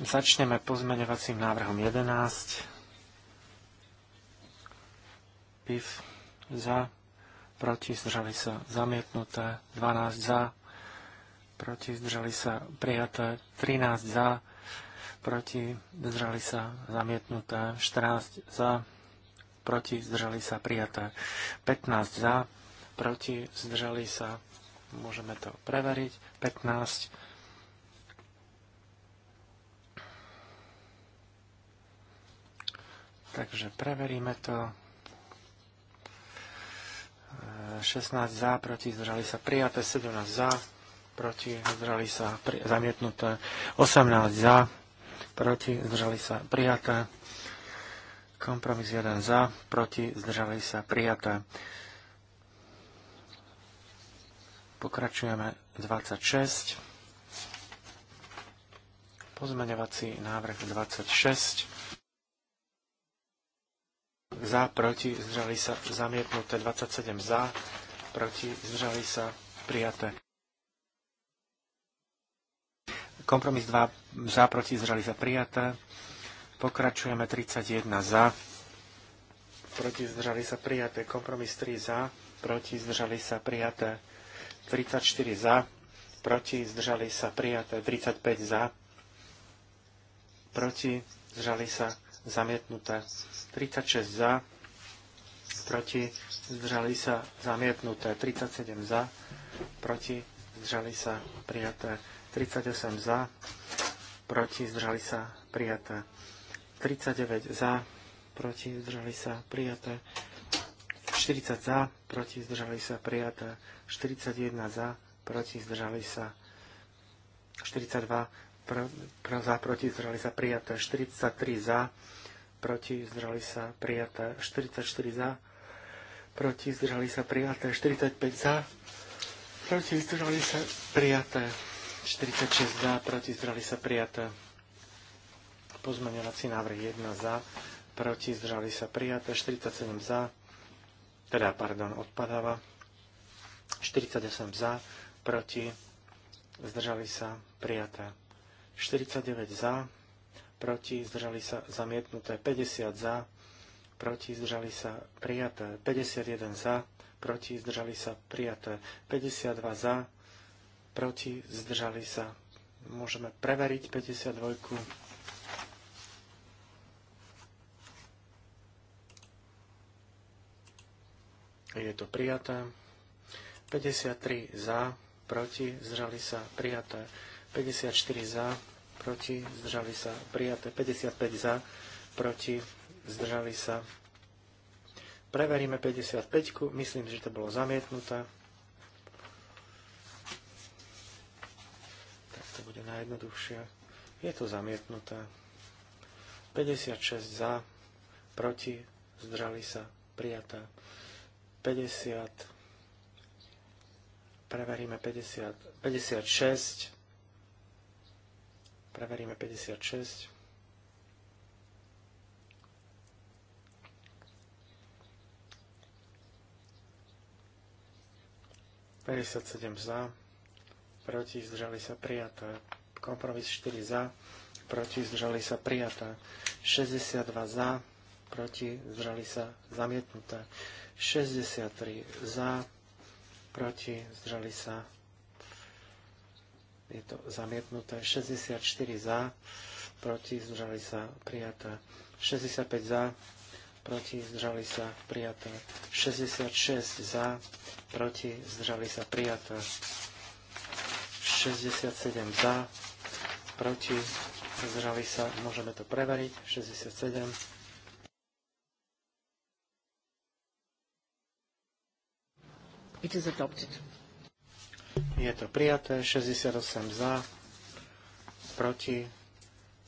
Začneme pozmeňovacím návrhom 11. PIF za, proti, zdržali sa zamietnuté, 12 za, proti, zdržali sa prijaté, 13 za, proti, zdržali sa, zamietnuté, 14 za, proti, zdržali sa, prijaté, 15 za, proti, zdržali sa, môžeme to preveriť, 15, takže preveríme to, 16 e, za, proti, zdržali sa, prijaté, 17 za, proti, zdržali sa, pri, zamietnuté, 18 za, proti, zdržali sa prijaté. Kompromis 1 za, proti, zdržali sa prijaté. Pokračujeme 26. Pozmeňovací návrh 26. Za, proti, zdržali sa zamietnuté 27 za, proti, zdržali sa prijaté. Kompromis 2 za, proti Izraeli sa prijaté. Pokračujeme 31 za, proti zdržali sa prijaté. Kompromis 3 za, proti zdržali sa prijaté. 34 za, proti zdržali sa prijaté. 35 za, proti zdržali sa zamietnuté. 36 za, proti, zdržali sa zamietnuté, 37 za, proti, zdržali sa prijaté, 38 za, proti, zdržali sa, prijaté. 39 za, proti, zdržali sa, prijaté. 40 za, proti, zdržali sa, prijaté. 41 za, proti, zdržali sa. 42 pr- pr- za, proti, zdržali sa, prijaté. 43 za, proti, zdržali sa, prijaté. 44 za, proti, zdržali sa, prijaté. 45 za, proti, zdržali sa, prijaté. 46 za, proti zdrali sa prijaté. Pozmeňovací návrh 1 za, proti zdržali sa prijaté. 47 za, teda, pardon, odpadáva. 48 za, proti zdržali sa prijaté. 49 teda, za, proti zdržali sa zamietnuté. 50 za, proti zdržali sa prijaté. 51 za, proti zdržali sa prijaté. 52 za, proti, zdržali sa. Môžeme preveriť 52. Je to prijaté. 53 za, proti, zdržali sa, prijaté. 54 za, proti, zdržali sa, prijaté. 55 za, proti, zdržali sa. Preveríme 55, myslím, že to bolo zamietnuté. najjednoduchšia. Je to zamietnuté. 56 za, proti, zdrali sa, prijatá. 50, preveríme 50, 56, preveríme 56. Päťdesiat sedem za, proti zdržali sa prijaté. Kompromis 4 za, proti zdržali sa prijatá. 62 za, proti zdržali sa zamietnutá. 63 za, proti zdržali sa je to zamietnuté. 64 za, proti zdržali sa prijatá. 65 za, proti zdržali sa prijatá. 66 za, proti zdržali sa prijatá. 67 za, proti, zdržali sa, môžeme to preveriť, 67. It is adopted. Je to prijaté, 68 za, proti,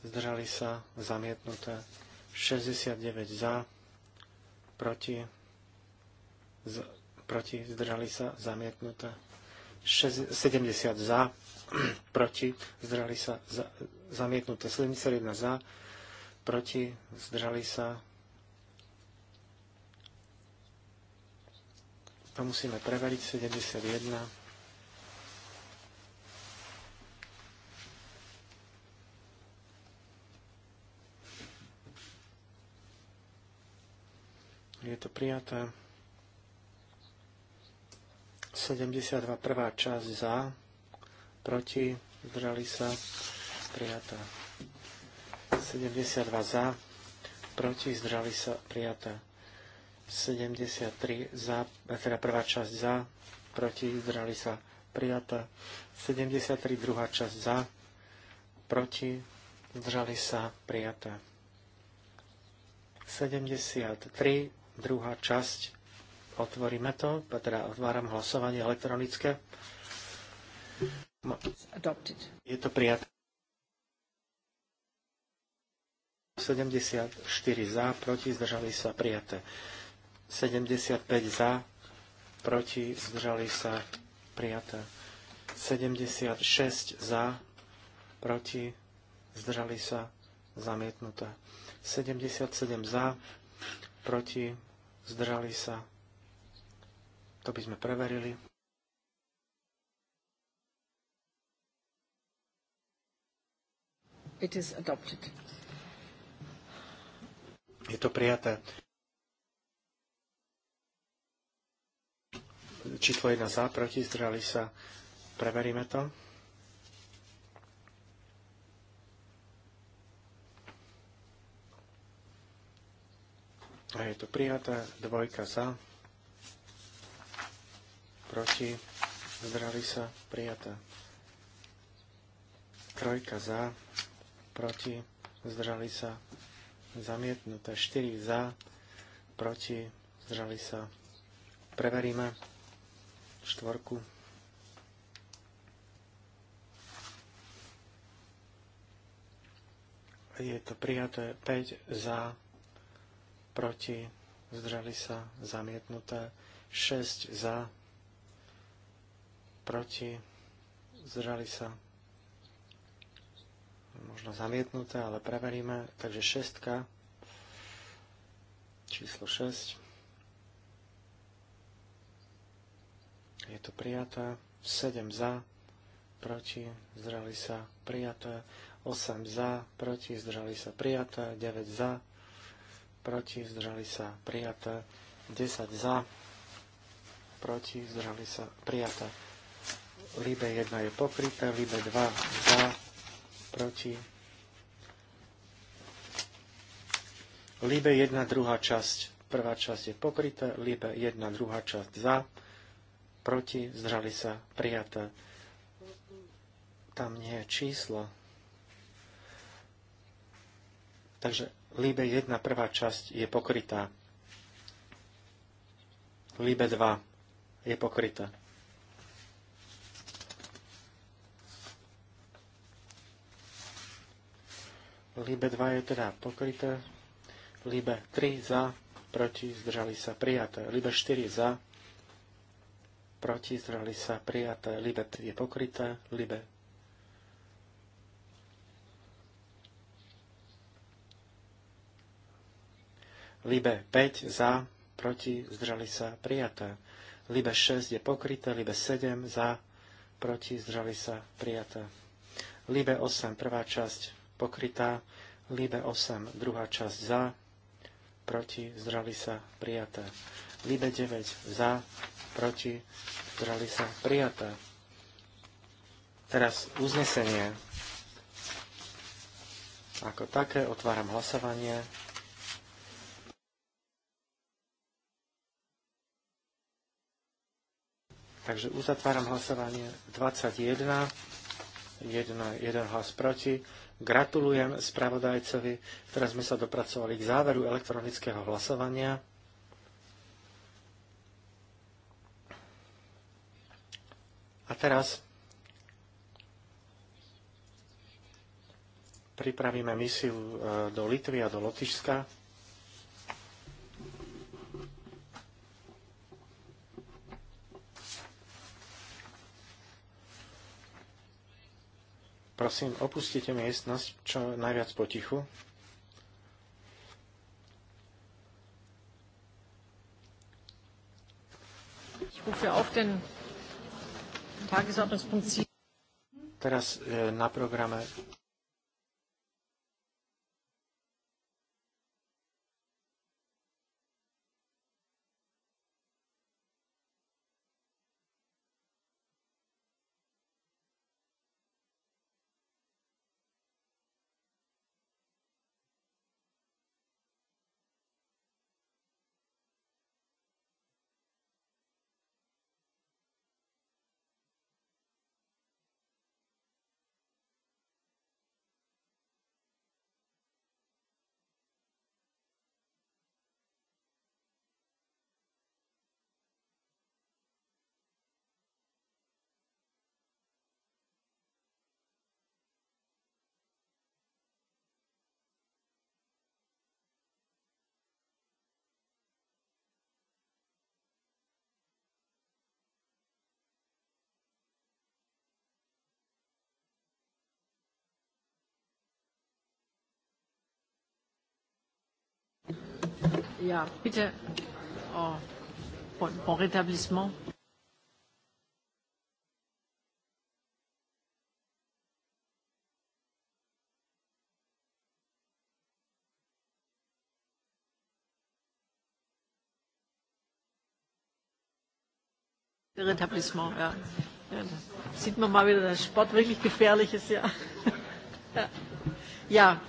zdržali sa, zamietnuté, 69 za, proti, z, proti zdržali sa, zamietnuté, 70 za, proti, zdrali sa za, zamietnuté 71 za, proti, zdrali sa. To musíme preveriť 71. Je to prijaté. 72. prvá časť za, proti, zdržali sa, prijatá. 72 za, proti, zdržali sa, prijatá. 73 za, eh, teda prvá časť za, proti, zdržali sa, prijatá. 73 druhá časť za, proti, zdržali sa, prijatá. 73 druhá časť, otvoríme to, teda otváram hlasovanie elektronické. Je to prijaté. 74 za, proti, zdržali sa prijaté. 75 za, proti, zdržali sa prijaté. 76 za, proti, zdržali sa zamietnuté. 77 za, proti, zdržali sa. To by sme preverili. It is adopted. Je to prijaté. Číslo 1 za, proti, zdrali sa. Preveríme to. A je to prijaté. Dvojka za. Proti. Zdrali sa. Prijaté. Trojka za proti, zdržali sa, zamietnuté 4 za, proti, zdržali sa. Preveríme štvorku. Je to prijaté 5 za, proti, zdržali sa, zamietnuté 6 za, proti, zdržali sa, možno zamietnuté, ale preveríme. Takže šestka, číslo 6. Je to prijaté. 7 za, proti, zdržali sa, prijaté. 8 za, proti, zdrali sa, prijaté. 9 za, proti, zdržali sa, prijaté. 10 za, proti, zdržali sa, prijaté. Libe 1 je pokryté, Libe 2 za, proti. Libe 1, druhá časť. Prvá časť je pokrytá. Libe 1, druhá časť za. Proti. zdrali sa. Prijaté. Tam nie je číslo. Takže Libe 1, prvá časť je pokrytá. Libe 2 je pokrytá. Libe 2 je teda pokryté. Libe 3 za, proti, zdržali sa prijaté. Libe 4 za, proti, zdržali sa prijaté. Libe 3 je pokryté. Libe Libe 5 za, proti, zdržali sa prijaté. Libe 6 je pokryté, Libe 7 za, proti, zdržali sa prijaté. Libe 8, prvá časť, pokrytá. Libe 8, druhá časť za, proti, zdrali sa, prijaté. Libe 9, za, proti, zdrali sa, prijaté. Teraz uznesenie. Ako také otváram hlasovanie. Takže uzatváram hlasovanie 21, 1, 1 hlas proti Gratulujem spravodajcovi. Teraz sme sa dopracovali k záveru elektronického hlasovania. A teraz pripravíme misiu e, do Litvy a do Lotyšska. Prosím, opustite miestnosť čo najviac potichu. Teraz eh, na programe Ja, bitte. Oh, bon, bon rétablissement. Rétablissement, ja. ja. Sieht man mal wieder, dass Sport wirklich gefährlich ist, ja. ja. Ja,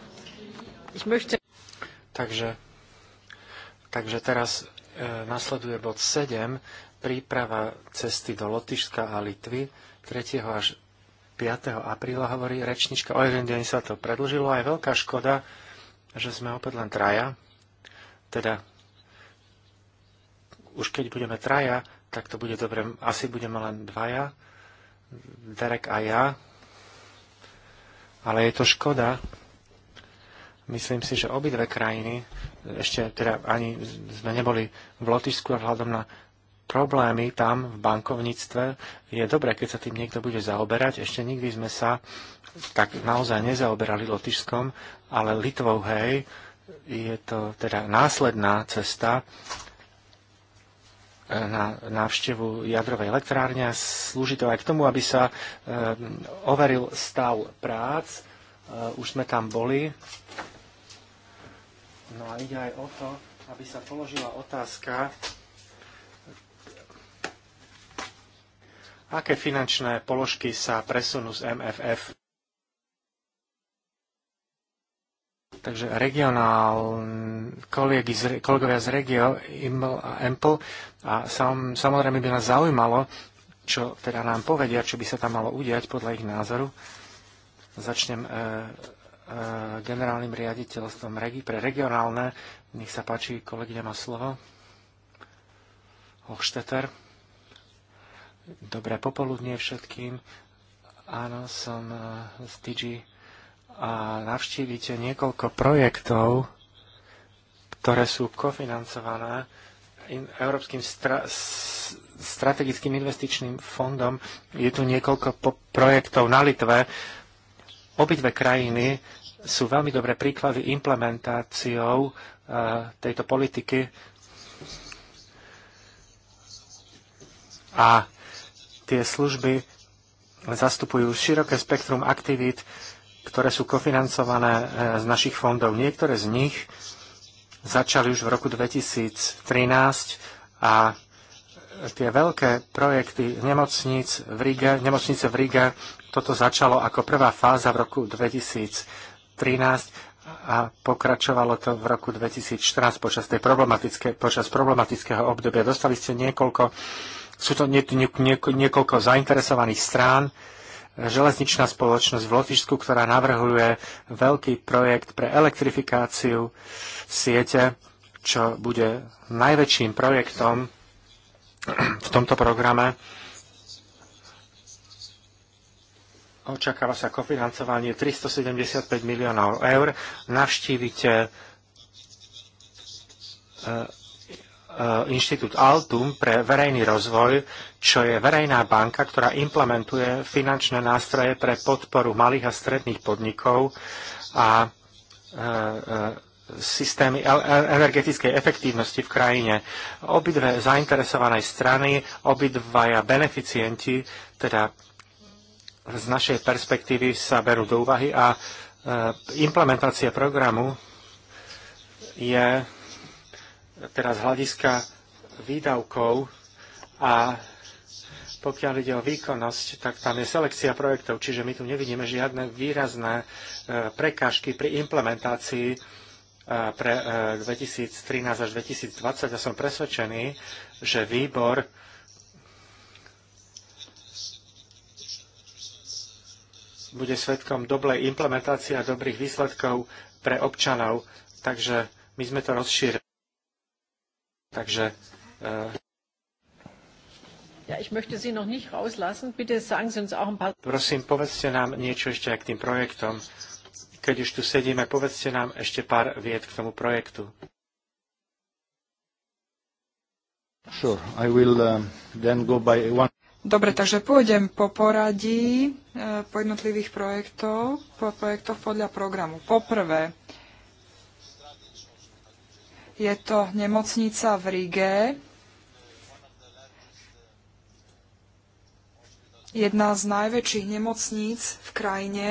ich möchte. Takže Takže teraz e, nasleduje bod 7, príprava cesty do Lotyšska a Litvy 3. až 5. apríla, hovorí rečnička. O jeden deň sa to predlžilo aj veľká škoda, že sme opäť len traja. Teda už keď budeme traja, tak to bude dobre. Asi budeme len dvaja, Derek a ja. Ale je to škoda, Myslím si, že obidve krajiny, ešte teda ani sme neboli v Lotyšsku a vzhľadom na problémy tam v bankovníctve, je dobré, keď sa tým niekto bude zaoberať. Ešte nikdy sme sa tak naozaj nezaoberali Lotyšskom, ale Litvou, hej, je to teda následná cesta e, na návštevu jadrovej elektrárne a slúži to aj k tomu, aby sa e, overil stav prác. E, už sme tam boli No a ide aj o to, aby sa položila otázka, aké finančné položky sa presunú z MFF. Takže regionál, z, kolegovia z regio, IML a EMPL, a sam, samozrejme by nás zaujímalo, čo teda nám povedia, čo by sa tam malo udiať podľa ich názoru. Začnem e, E, generálnym riaditeľstvom regi- pre regionálne. Nech sa páči, kolegyňa má slovo. Hochstetter. Dobré popoludnie všetkým. Áno, som e, z Digi a navštívite niekoľko projektov, ktoré sú kofinancované Európskym stra- strategickým investičným fondom. Je tu niekoľko projektov na Litve, Obidve krajiny sú veľmi dobré príklady implementáciou eh, tejto politiky a tie služby zastupujú široké spektrum aktivít, ktoré sú kofinancované eh, z našich fondov. Niektoré z nich začali už v roku 2013 a tie veľké projekty nemocnic v nemocnice v Riga, toto začalo ako prvá fáza v roku 2013 a pokračovalo to v roku 2014 počas, tej problematické, počas problematického obdobia. Dostali ste niekoľko, sú to nie, nie, nie, niekoľko zainteresovaných strán, železničná spoločnosť v Lotyšsku, ktorá navrhuje veľký projekt pre elektrifikáciu siete, čo bude najväčším projektom v tomto programe očakáva sa kofinancovanie 375 miliónov eur. Navštívite e, e, inštitút Altum pre verejný rozvoj, čo je verejná banka, ktorá implementuje finančné nástroje pre podporu malých a stredných podnikov a e, systémy energetickej efektívnosti v krajine. Obidve zainteresované strany, obidvaja beneficienti, teda z našej perspektívy sa berú do úvahy a e, implementácia programu je teraz z hľadiska výdavkov a pokiaľ ide o výkonnosť, tak tam je selekcia projektov, čiže my tu nevidíme žiadne výrazné e, prekážky pri implementácii e, pre 2013 až 2020 a ja som presvedčený, že výbor bude svetkom dobrej implementácie a dobrých výsledkov pre občanov. Takže my sme to rozšírili. Takže e ja, ich möchte Sie noch nicht rauslassen. Bitte sagen Sie uns auch ein paar... Prosím, povedzte nám niečo ešte aj k tým projektom. Keď už tu sedíme, povedzte nám ešte pár vied k tomu projektu. Sure, I will um, then go by one. Dobre, takže pôjdem po poradí e, po jednotlivých projektov, po projektoch podľa programu. Poprvé, je to nemocnica v Rige, jedna z najväčších nemocníc v krajine.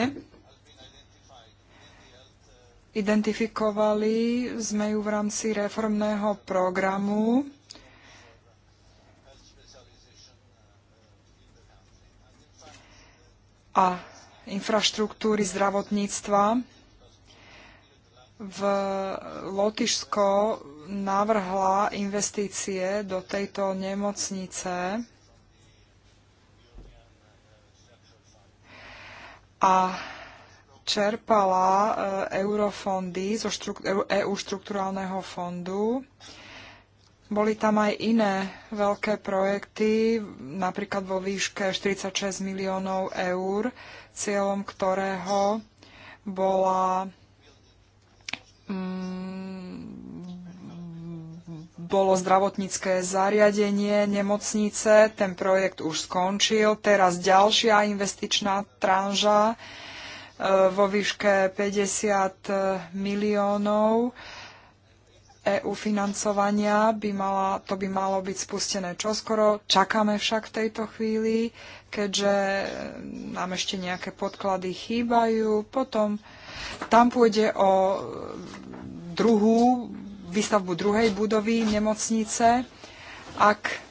Identifikovali sme ju v rámci reformného programu a infraštruktúry zdravotníctva. V Lotyšsko navrhla investície do tejto nemocnice a čerpala e, eurofondy zo e, e, EU štruktúrálneho fondu. Boli tam aj iné veľké projekty, napríklad vo výške 46 miliónov eur, cieľom ktorého bola mm, bolo zdravotnícke zariadenie nemocnice, ten projekt už skončil, teraz ďalšia investičná tranža e, vo výške 50 miliónov. EU financovania by mala, to by malo byť spustené čoskoro. Čakáme však v tejto chvíli, keďže e, nám ešte nejaké podklady chýbajú. Potom tam pôjde o e, druhú, výstavbu druhej budovy nemocnice. Ak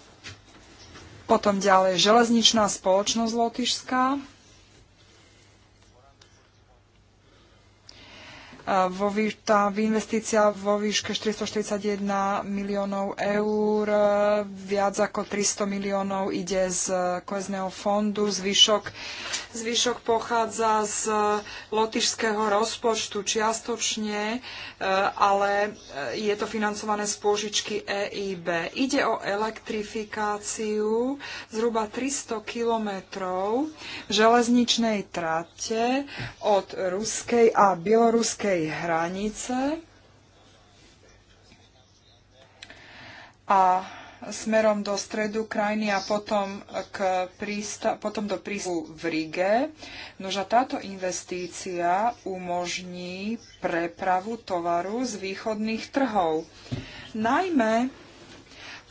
potom ďalej železničná spoločnosť Lotyšská, vo tá investícia vo výške 441 miliónov eur, e, viac ako 300 miliónov ide z kohezného fondu, zvyšok, zvyšok pochádza z lotišského rozpočtu čiastočne, e, ale e, je to financované z pôžičky EIB. Ide o elektrifikáciu zhruba 300 kilometrov železničnej trate od ruskej a bieloruskej šengenskej hranice a smerom do stredu krajiny a potom, k prísta- potom do prístavu v Rige. Nože táto investícia umožní prepravu tovaru z východných trhov. Najmä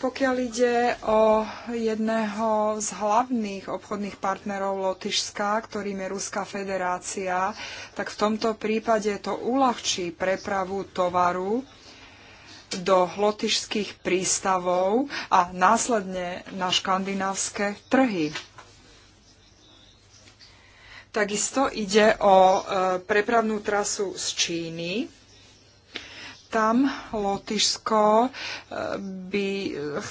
pokiaľ ide o jedného z hlavných obchodných partnerov Lotyšska, ktorým je Ruská federácia, tak v tomto prípade to uľahčí prepravu tovaru do lotyšských prístavov a následne na škandinávské trhy. Takisto ide o e, prepravnú trasu z Číny, tam Lotyšsko eh, by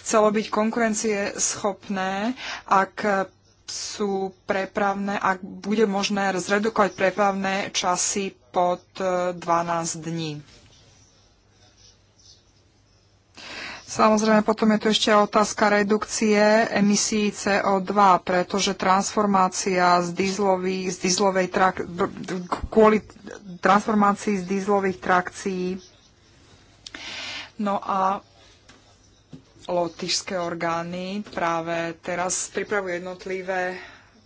chcelo byť konkurencieschopné, ak sú prepravné, ak bude možné zredukovať prepravné časy pod 12 eh, dní. Samozrejme, potom je tu ešte otázka redukcie emisí CO2, pretože transformácia z, dízlových, z dízlovej trak, kvôli transformácii z dízlových trakcií No a lotišské orgány práve teraz pripravujú jednotlivé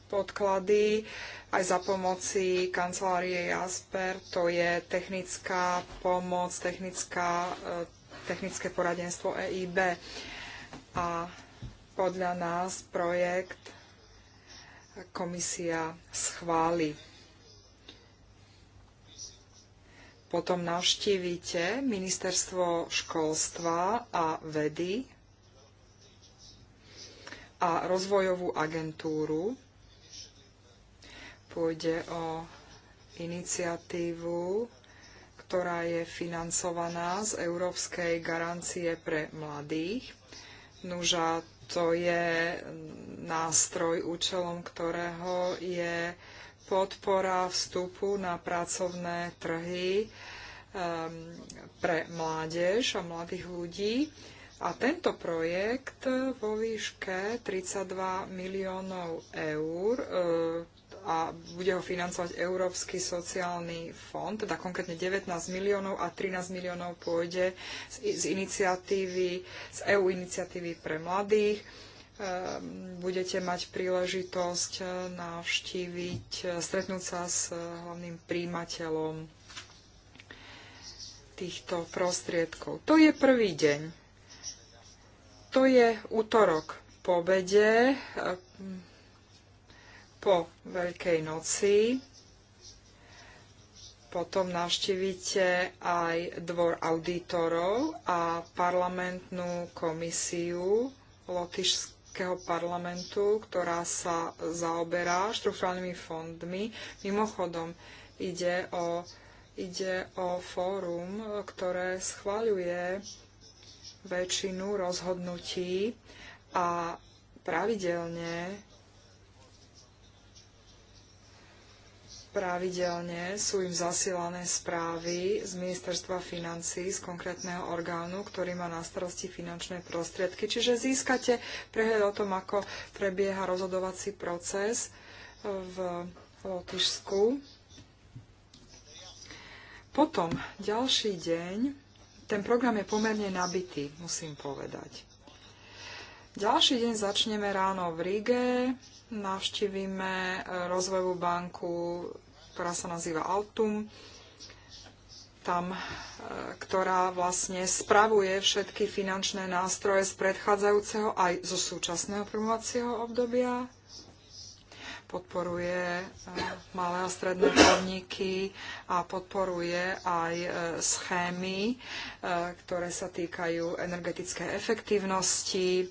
podklady aj za pomoci kancelárie Jasper. To je technická pomoc, technická, e, technické poradenstvo EIB. A podľa nás projekt komisia schváli potom navštívite ministerstvo školstva a vedy a rozvojovú agentúru. Pôjde o iniciatívu, ktorá je financovaná z Európskej garancie pre mladých. Nuža to je nástroj, účelom ktorého je podpora vstupu na pracovné trhy ehm, pre mládež a mladých ľudí. A tento projekt vo výške 32 miliónov eur eh, a bude ho financovať Európsky sociálny fond, teda konkrétne 19 miliónov a 13 miliónov pôjde z, z iniciatívy, z EU iniciatívy pre mladých Ehm, budete mať príležitosť eh, navštíviť, eh, stretnúť sa s eh, hlavným príjimateľom týchto prostriedkov. To je prvý deň. To je útorok po obede, ehm, po Veľkej noci. Potom navštívite aj dvor auditorov a parlamentnú komisiu Lotyšskú Európskeho parlamentu, ktorá sa zaoberá štruktúralnými fondmi. Mimochodom, ide o, ide o fórum, ktoré schváľuje väčšinu rozhodnutí a pravidelne Pravidelne sú im zasilané správy z Ministerstva financí, z konkrétneho orgánu, ktorý má na starosti finančné prostriedky. Čiže získate prehľad o tom, ako prebieha rozhodovací proces v Lotyšsku. Potom ďalší deň, ten program je pomerne nabitý, musím povedať. Ďalší deň začneme ráno v Rige, navštívime eh, rozvojovú banku ktorá sa nazýva Autum, tam, e, ktorá vlastne spravuje všetky finančné nástroje z predchádzajúceho aj zo súčasného programovacieho obdobia, podporuje e, malé a stredné podniky a podporuje aj e, schémy, ktoré sa týkajú energetickej efektívnosti,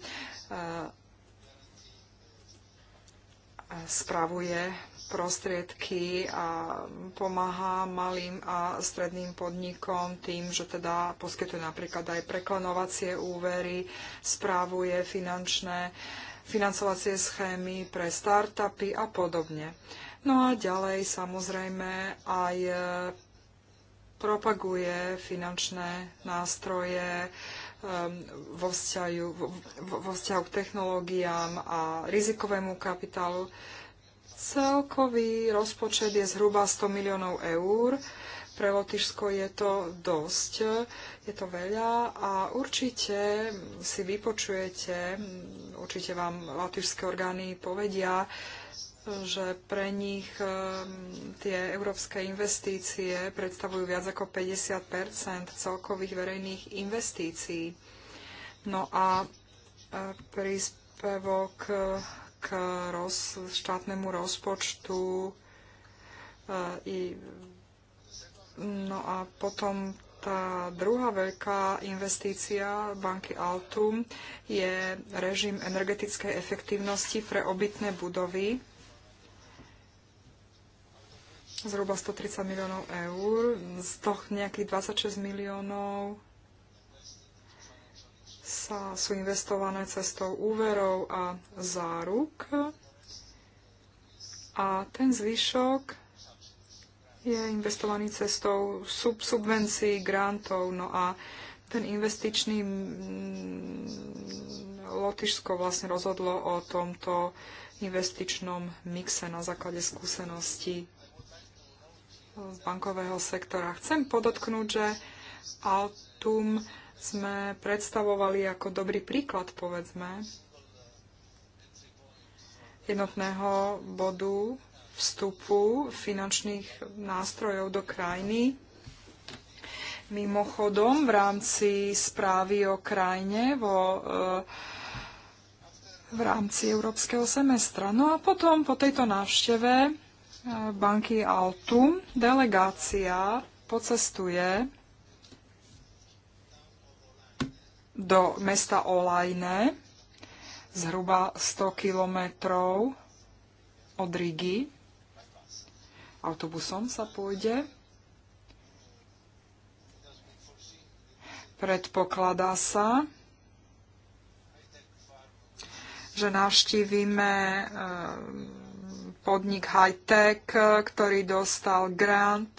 spravuje prostriedky a pomáha malým a stredným podnikom tým, že teda poskytuje napríklad aj preklonovacie úvery, správuje finančné financovacie schémy pre startupy a podobne. No a ďalej samozrejme aj e, propaguje finančné nástroje vo vzťahu, vo, vo vzťahu k technológiám a rizikovému kapitálu. Celkový rozpočet je zhruba 100 miliónov eur. Pre Lotyšsko je to dosť, je to veľa a určite si vypočujete, určite vám latyšské orgány povedia, že pre nich ehm, tie európske investície predstavujú viac ako 50 celkových verejných investícií. No a e, príspevok k roz, štátnemu rozpočtu. E, I, no a potom tá druhá veľká investícia banky Altum je režim energetickej efektívnosti pre obytné budovy. Zhruba 130 miliónov eur, z toho nejakých 26 miliónov sa, sú investované cestou úverov a záruk a ten zvyšok je investovaný cestou sub, subvencií, grantov, no a ten investičný Lotyšsko vlastne rozhodlo o tomto investičnom mixe na základe skúseností z bankového sektora. Chcem podotknúť, že Altum sme predstavovali ako dobrý príklad, povedzme, jednotného bodu vstupu finančných nástrojov do krajiny. Mimochodom, v rámci správy o krajine vo, eh, v rámci európskeho semestra. No a potom po tejto návšteve eh, banky Altum delegácia pocestuje do mesta Olajne, zhruba 100 kilometrov od Rigi. Autobusom sa pôjde. Predpokladá sa, že navštívime eh, podnik Hightech, eh, ktorý dostal grant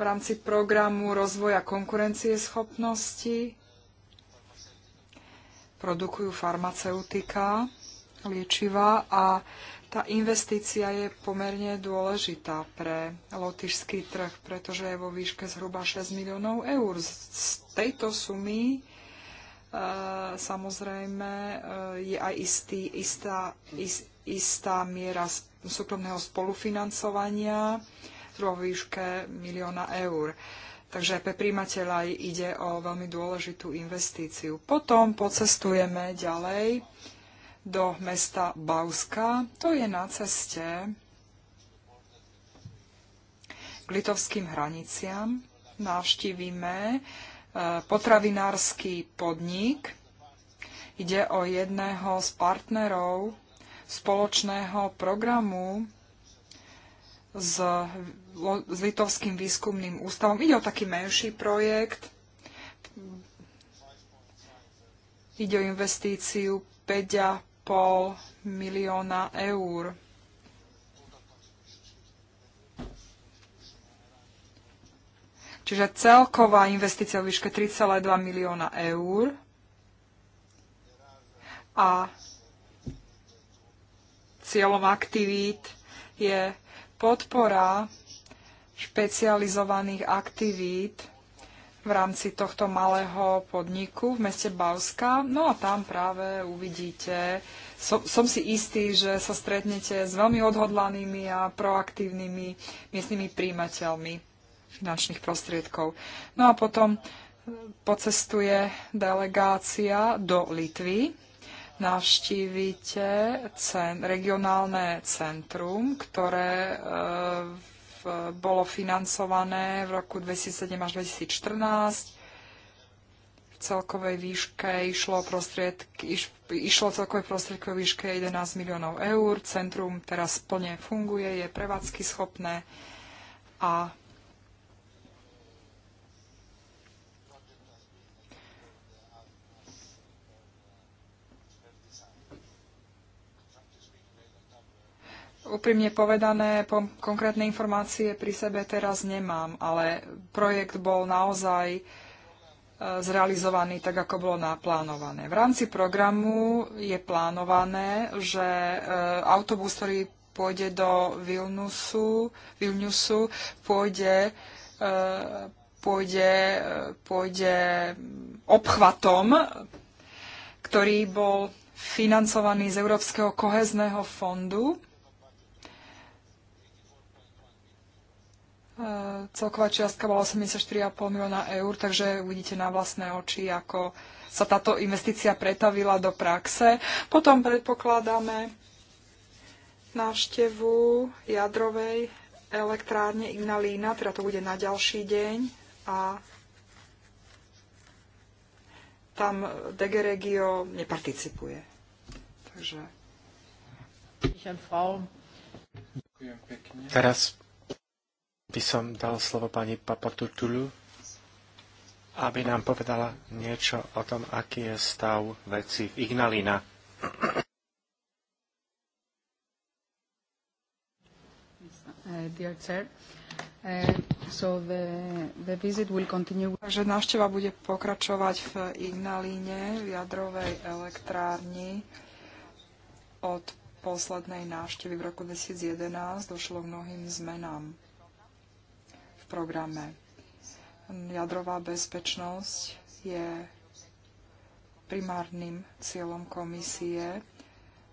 v rámci programu rozvoja konkurencieschopnosti. Produkujú farmaceutika, liečiva a tá investícia je pomerne dôležitá pre lotišský trh, pretože je vo výške zhruba 6 miliónov eur. Z tejto sumy e, samozrejme e, je aj istý, istá, ist, istá miera súkromného spolufinancovania. E, štruktúru o výške milióna eur. Takže pre príjimateľa ide o veľmi dôležitú investíciu. Potom pocestujeme ďalej do mesta Bauska. To je na ceste k litovským hraniciam. Navštívime e, potravinársky podnik. Ide o jedného z partnerov spoločného programu s, s Litovským výskumným ústavom. Ide o taký menší projekt. Ide o investíciu 5,5 milióna eur. Čiže celková investícia v výške 3,2 milióna eur. A cieľom aktivít je podpora špecializovaných aktivít v rámci tohto malého podniku v meste Bavska. No a tam práve uvidíte, som, som si istý, že sa stretnete s veľmi odhodlanými a proaktívnymi miestnymi príjimateľmi finančných prostriedkov. No a potom pocestuje delegácia do Litvy navštívite cen, regionálne centrum, ktoré eh, v, bolo financované v roku 2007 až 2014. V celkovej výške išlo, iš, išlo celkové prostriedky o výške 11 miliónov eur. Centrum teraz plne funguje, je prevádzky schopné a úprimne povedané, po, konkrétne informácie pri sebe teraz nemám, ale projekt bol naozaj e, zrealizovaný tak, ako bolo naplánované. V rámci programu je plánované, že e, autobus, ktorý pôjde do Vilnusu, Vilniusu, pôjde, e, pôjde, pôjde obchvatom, ktorý bol financovaný z Európskeho kohezného fondu E, celková čiastka bola 84,5 milióna eur, takže uvidíte na vlastné oči, ako sa táto investícia pretavila do praxe. Potom predpokladáme návštevu jadrovej elektrárne Ignalína, teda to bude na ďalší deň a tam DG Regio neparticipuje. Takže... Teraz by som dal slovo pani Papatutulu, aby nám povedala niečo o tom, aký je stav veci v Ignalina. Uh, uh, Takže návšteva bude pokračovať v Ignalíne, v jadrovej elektrárni. Od poslednej návštevy v roku 2011 došlo k mnohým zmenám programe. Jadrová bezpečnosť je primárnym cieľom komisie.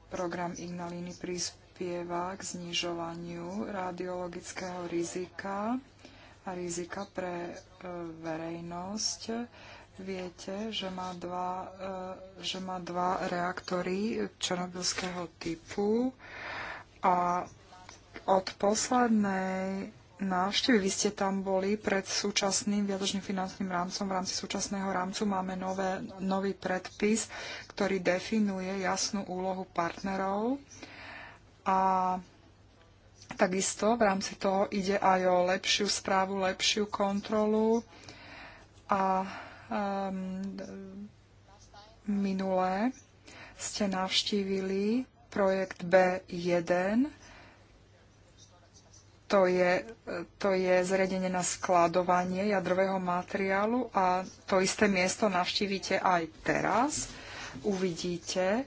Program Ignalíny prispieva k znižovaniu radiologického rizika a rizika pre e, verejnosť. Viete, že má dva, e, že má dva reaktory černobylského typu a od poslednej návštevy. Vy ste tam boli pred súčasným viadočným finančným rámcom. V rámci súčasného rámcu máme nové, nový predpis, ktorý definuje jasnú úlohu partnerov. A takisto v rámci toho ide aj o lepšiu správu, lepšiu kontrolu. A um, minulé ste navštívili projekt B1, to je, to je zariadenie na skladovanie jadrového materiálu a to isté miesto navštívite aj teraz. Uvidíte,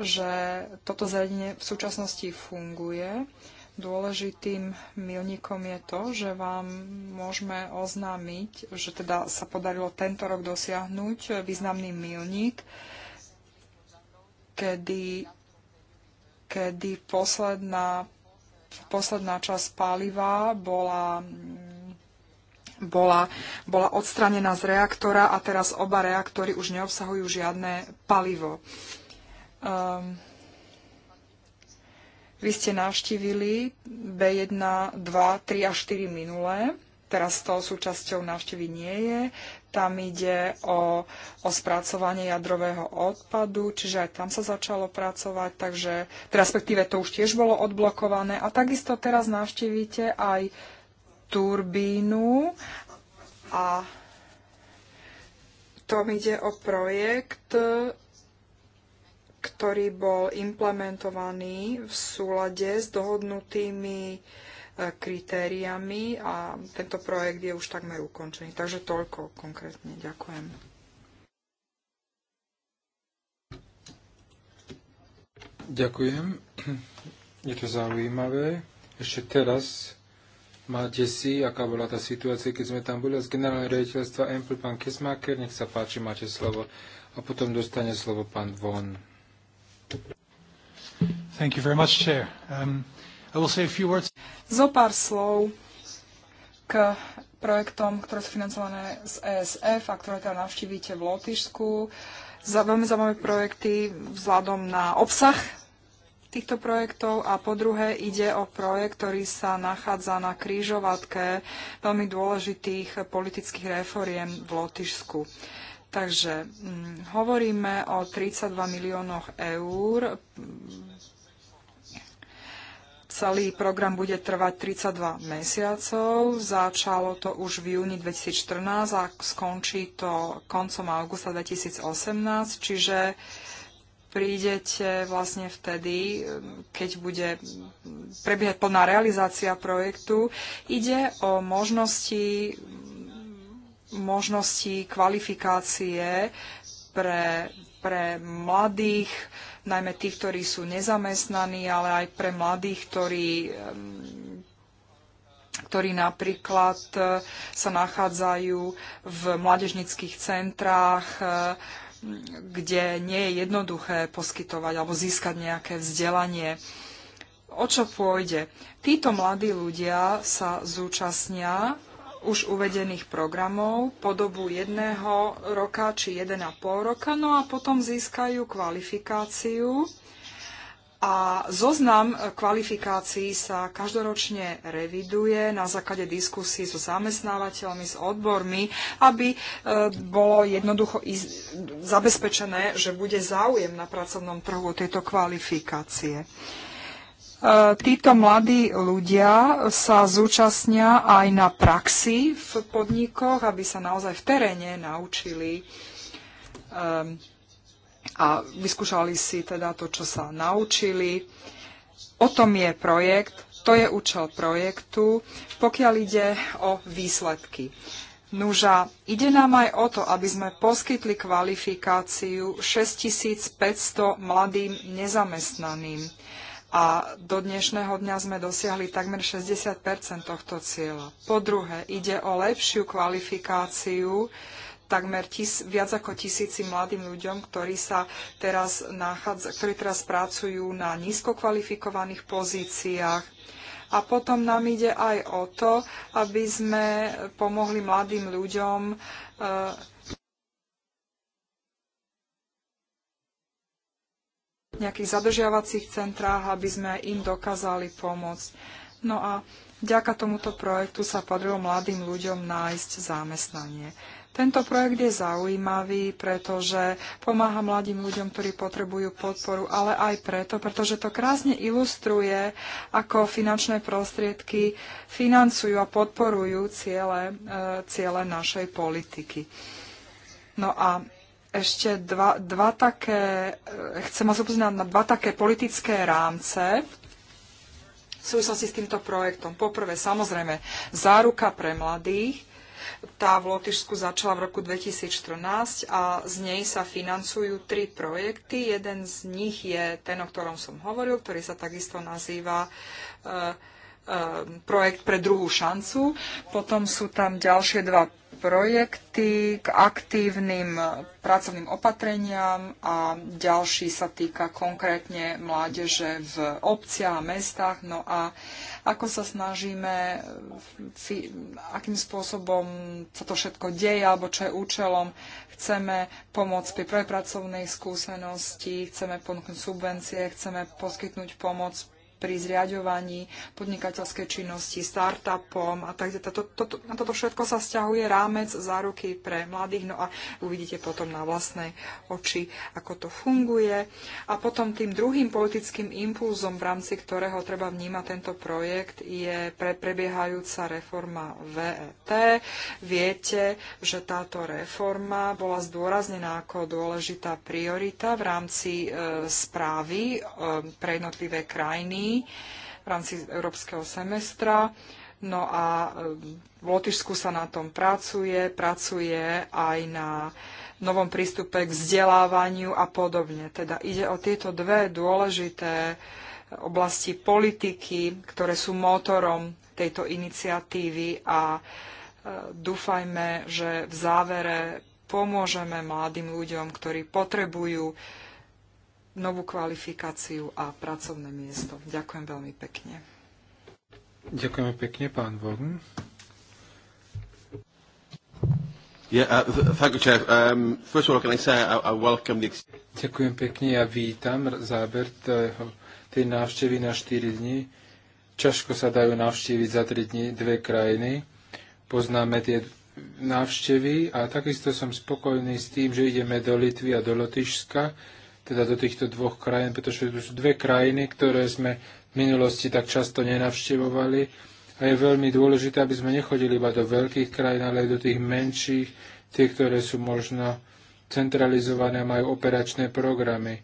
že toto zariadenie v súčasnosti funguje. Dôležitým milníkom je to, že vám môžeme oznámiť, že teda sa podarilo tento rok dosiahnuť významný milník, kedy, kedy posledná posledná časť paliva bola bola, bola odstranená z reaktora a teraz oba reaktory už neobsahujú žiadne palivo. Um, vy ste navštívili B1, 2, 3 a 4 minulé. Teraz to súčasťou návštevy nie je tam ide o, o spracovanie jadrového odpadu, čiže aj tam sa začalo pracovať, takže teda respektíve to už tiež bolo odblokované. A takisto teraz navštívite aj turbínu a tom ide o projekt, ktorý bol implementovaný v súlade s dohodnutými kritériami a tento projekt je už takmer ukončený. Takže toľko konkrétne. Ďakujem. Ďakujem. Je to zaujímavé. Ešte teraz máte si, aká bola tá situácia, keď sme tam boli z generálneho rejiteľstva Ample, pán Kesmaker, nech sa páči, máte slovo. A potom dostane slovo pán Von. Thank you very much, Chair. Um... Zo pár slov k projektom, ktoré sú financované z ESF a ktoré teda navštívite v Lotyšsku. Za, veľmi zaujímavé projekty vzhľadom na obsah týchto projektov a po druhé ide o projekt, ktorý sa nachádza na krížovatke veľmi dôležitých politických reforiem v Lotyšsku. Takže hm, hovoríme o 32 miliónoch eur Celý program bude trvať 32 mesiacov. Začalo to už v júni 2014 a skončí to koncom augusta 2018, čiže prídete vlastne vtedy, keď bude prebiehať plná realizácia projektu. Ide o možnosti, možnosti kvalifikácie pre, pre mladých, najmä tých, ktorí sú nezamestnaní, ale aj pre mladých, ktorí ktorí napríklad e, sa nachádzajú v mládežnických centrách, e, kde nie je jednoduché poskytovať alebo získať nejaké vzdelanie. O čo pôjde? Títo mladí ľudia sa zúčastnia už uvedených programov po dobu jedného roka či 1,5 roka, no a potom získajú kvalifikáciu. A zoznam kvalifikácií sa každoročne reviduje na základe diskusí so zamestnávateľmi, s odbormi, aby e, bolo jednoducho zabezpečené, že bude záujem na pracovnom trhu tejto kvalifikácie. E, títo mladí ľudia sa zúčastnia aj na praxi v podnikoch, aby sa naozaj v teréne naučili e, a vyskúšali si teda to, čo sa naučili. O tom je projekt, to je účel projektu, pokiaľ ide o výsledky. Nuža, ide nám aj o to, aby sme poskytli kvalifikáciu 6500 mladým nezamestnaným a do dnešného dňa sme dosiahli takmer 60 tohto cieľa. Po druhé, ide o lepšiu kvalifikáciu takmer tis, viac ako tisíci mladým ľuďom, ktorí, sa teraz nachádza, ktorí teraz pracujú na nízko kvalifikovaných pozíciách. A potom nám ide aj o to, aby sme pomohli mladým ľuďom e, nejakých zadržiavacích centrách, aby sme im dokázali pomôcť. No a vďaka tomuto projektu sa podarilo mladým ľuďom nájsť zamestnanie. Tento projekt je zaujímavý, pretože pomáha mladým ľuďom, ktorí potrebujú podporu, ale aj preto, pretože to krásne ilustruje, ako finančné prostriedky financujú a podporujú ciele, e, ciele našej politiky. No a ešte dva, dva také, eh, chcem vás na dva také politické rámce v súvislosti s týmto projektom. Poprvé, samozrejme, záruka pre mladých. Tá v Lotyšsku začala v roku 2014 a z nej sa financujú tri projekty. Jeden z nich je ten, o ktorom som hovoril, ktorý sa takisto nazýva uh, projekt pre druhú šancu. Potom sú tam ďalšie dva projekty k aktívnym pracovným opatreniam a ďalší sa týka konkrétne mládeže v obciach a mestách. No a ako sa snažíme, akým spôsobom sa to všetko deje alebo čo je účelom, chceme pomôcť pri prepracovnej skúsenosti, chceme ponúknuť subvencie, chceme poskytnúť pomoc pri zriadovaní podnikateľskej činnosti, startupom a tak to, to, to, Na toto všetko sa stiahuje rámec záruky pre mladých, no a uvidíte potom na vlastné oči, ako to funguje. A potom tým druhým politickým impulzom, v rámci ktorého treba vnímať tento projekt, je pre, prebiehajúca reforma VET. Viete, že táto reforma bola zdôraznená ako dôležitá priorita v rámci e, správy e, pre jednotlivé krajiny v rámci európskeho semestra. No a e, v Lotyšsku sa na tom pracuje, pracuje aj na novom prístupe k vzdelávaniu a podobne. Teda ide o tieto dve dôležité oblasti politiky, ktoré sú motorom tejto iniciatívy a e, dúfajme, že v závere pomôžeme mladým ľuďom, ktorí potrebujú novú kvalifikáciu a pracovné miesto. Ďakujem veľmi pekne. Ďakujeme pekne, pán Vogn. Ďakujem pekne, ja vítam záber tej návštevy na 4 dní. Čažko sa dajú navštíviť za 3 dní dve krajiny. Poznáme tie návštevy a takisto som spokojný s tým, že ideme do Litvy a do Lotyšska teda do týchto dvoch krajín, pretože tu sú dve krajiny, ktoré sme v minulosti tak často nenavštevovali. A je veľmi dôležité, aby sme nechodili iba do veľkých krajín, ale aj do tých menších, tie, ktoré sú možno centralizované a majú operačné programy.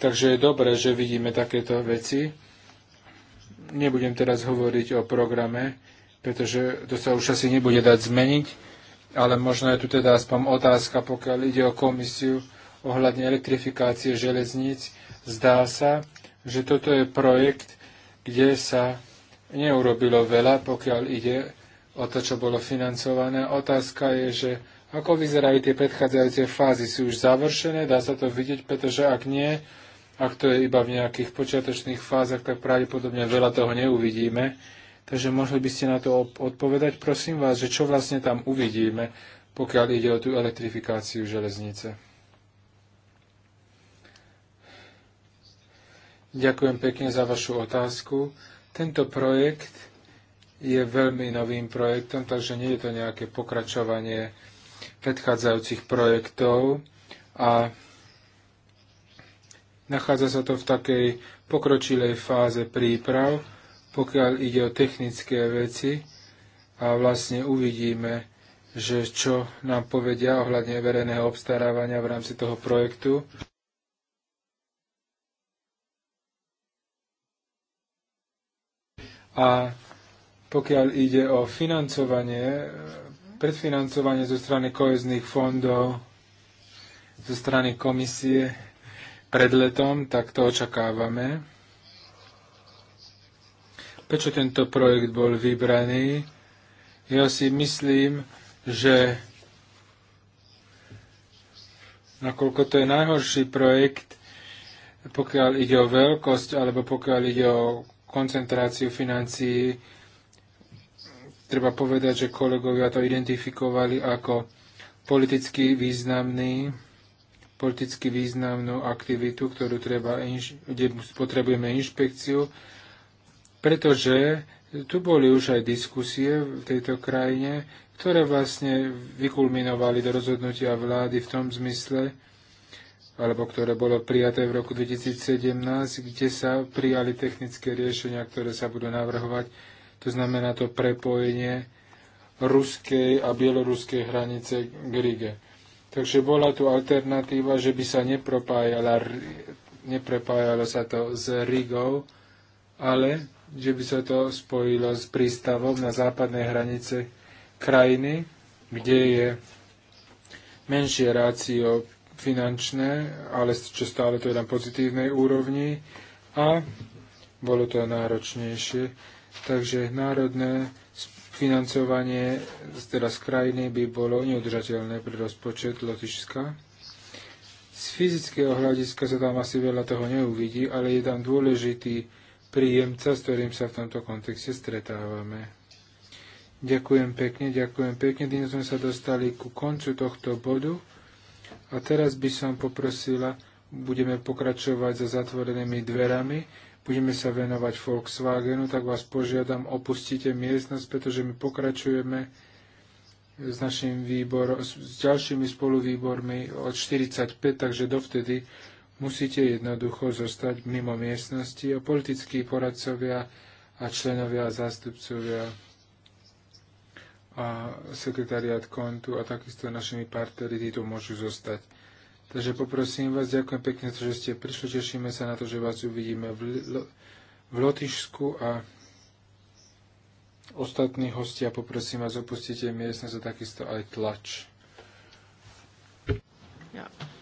Takže je dobré, že vidíme takéto veci. Nebudem teraz hovoriť o programe, pretože to sa už asi nebude dať zmeniť, ale možno je tu teda aspoň otázka, pokiaľ ide o komisiu, ohľadne elektrifikácie železníc, zdá sa, že toto je projekt, kde sa neurobilo veľa, pokiaľ ide o to, čo bolo financované. Otázka je, že ako vyzerajú tie predchádzajúce fázy? Sú už završené? Dá sa to vidieť, pretože ak nie, ak to je iba v nejakých počiatočných fázach, tak pravdepodobne veľa toho neuvidíme. Takže mohli by ste na to odpovedať, prosím vás, že čo vlastne tam uvidíme, pokiaľ ide o tú elektrifikáciu železnice. Ďakujem pekne za vašu otázku. Tento projekt je veľmi novým projektom, takže nie je to nejaké pokračovanie predchádzajúcich projektov a nachádza sa to v takej pokročilej fáze príprav, pokiaľ ide o technické veci a vlastne uvidíme, že čo nám povedia ohľadne verejného obstarávania v rámci toho projektu. A pokiaľ ide o financovanie, predfinancovanie zo strany kohezných fondov, zo strany komisie pred letom, tak to očakávame. Prečo tento projekt bol vybraný? Ja si myslím, že nakoľko to je najhorší projekt, pokiaľ ide o veľkosť alebo pokiaľ ide o koncentráciu financií. Treba povedať, že kolegovia to identifikovali ako politicky významný politicky významnú aktivitu, ktorú treba, kde potrebujeme inšpekciu, pretože tu boli už aj diskusie v tejto krajine, ktoré vlastne vykulminovali do rozhodnutia vlády v tom zmysle, alebo ktoré bolo prijaté v roku 2017, kde sa prijali technické riešenia, ktoré sa budú navrhovať. To znamená to prepojenie ruskej a bieloruskej hranice k Rige. Takže bola tu alternatíva, že by sa nepropájala, neprepájalo sa to s Rigou, ale že by sa to spojilo s prístavom na západnej hranice krajiny, kde je menšie rácio finančné, ale čo stále to je na pozitívnej úrovni a bolo to náročnejšie. Takže národné financovanie teda z krajiny by bolo neudržateľné pre rozpočet Lotyšska. Z fyzického hľadiska sa tam asi veľa toho neuvidí, ale je tam dôležitý príjemca, s ktorým sa v tomto kontexte stretávame. Ďakujem pekne, ďakujem pekne. Dnes sme sa dostali ku koncu tohto bodu. A teraz by som poprosila, budeme pokračovať za zatvorenými dverami, budeme sa venovať Volkswagenu, tak vás požiadam, opustite miestnosť, pretože my pokračujeme s našim výborom, s ďalšími spoluvýbormi od 45, takže dovtedy musíte jednoducho zostať mimo miestnosti a politickí poradcovia a členovia a zástupcovia a sekretariat kontu a takisto našimi partnery tu môžu zostať. Takže poprosím vás, ďakujem pekne, že ste prišli, tešíme sa na to, že vás uvidíme v, v Lotyšsku a ostatní hostia, poprosím vás, opustite miestne za takisto aj tlač. Yeah.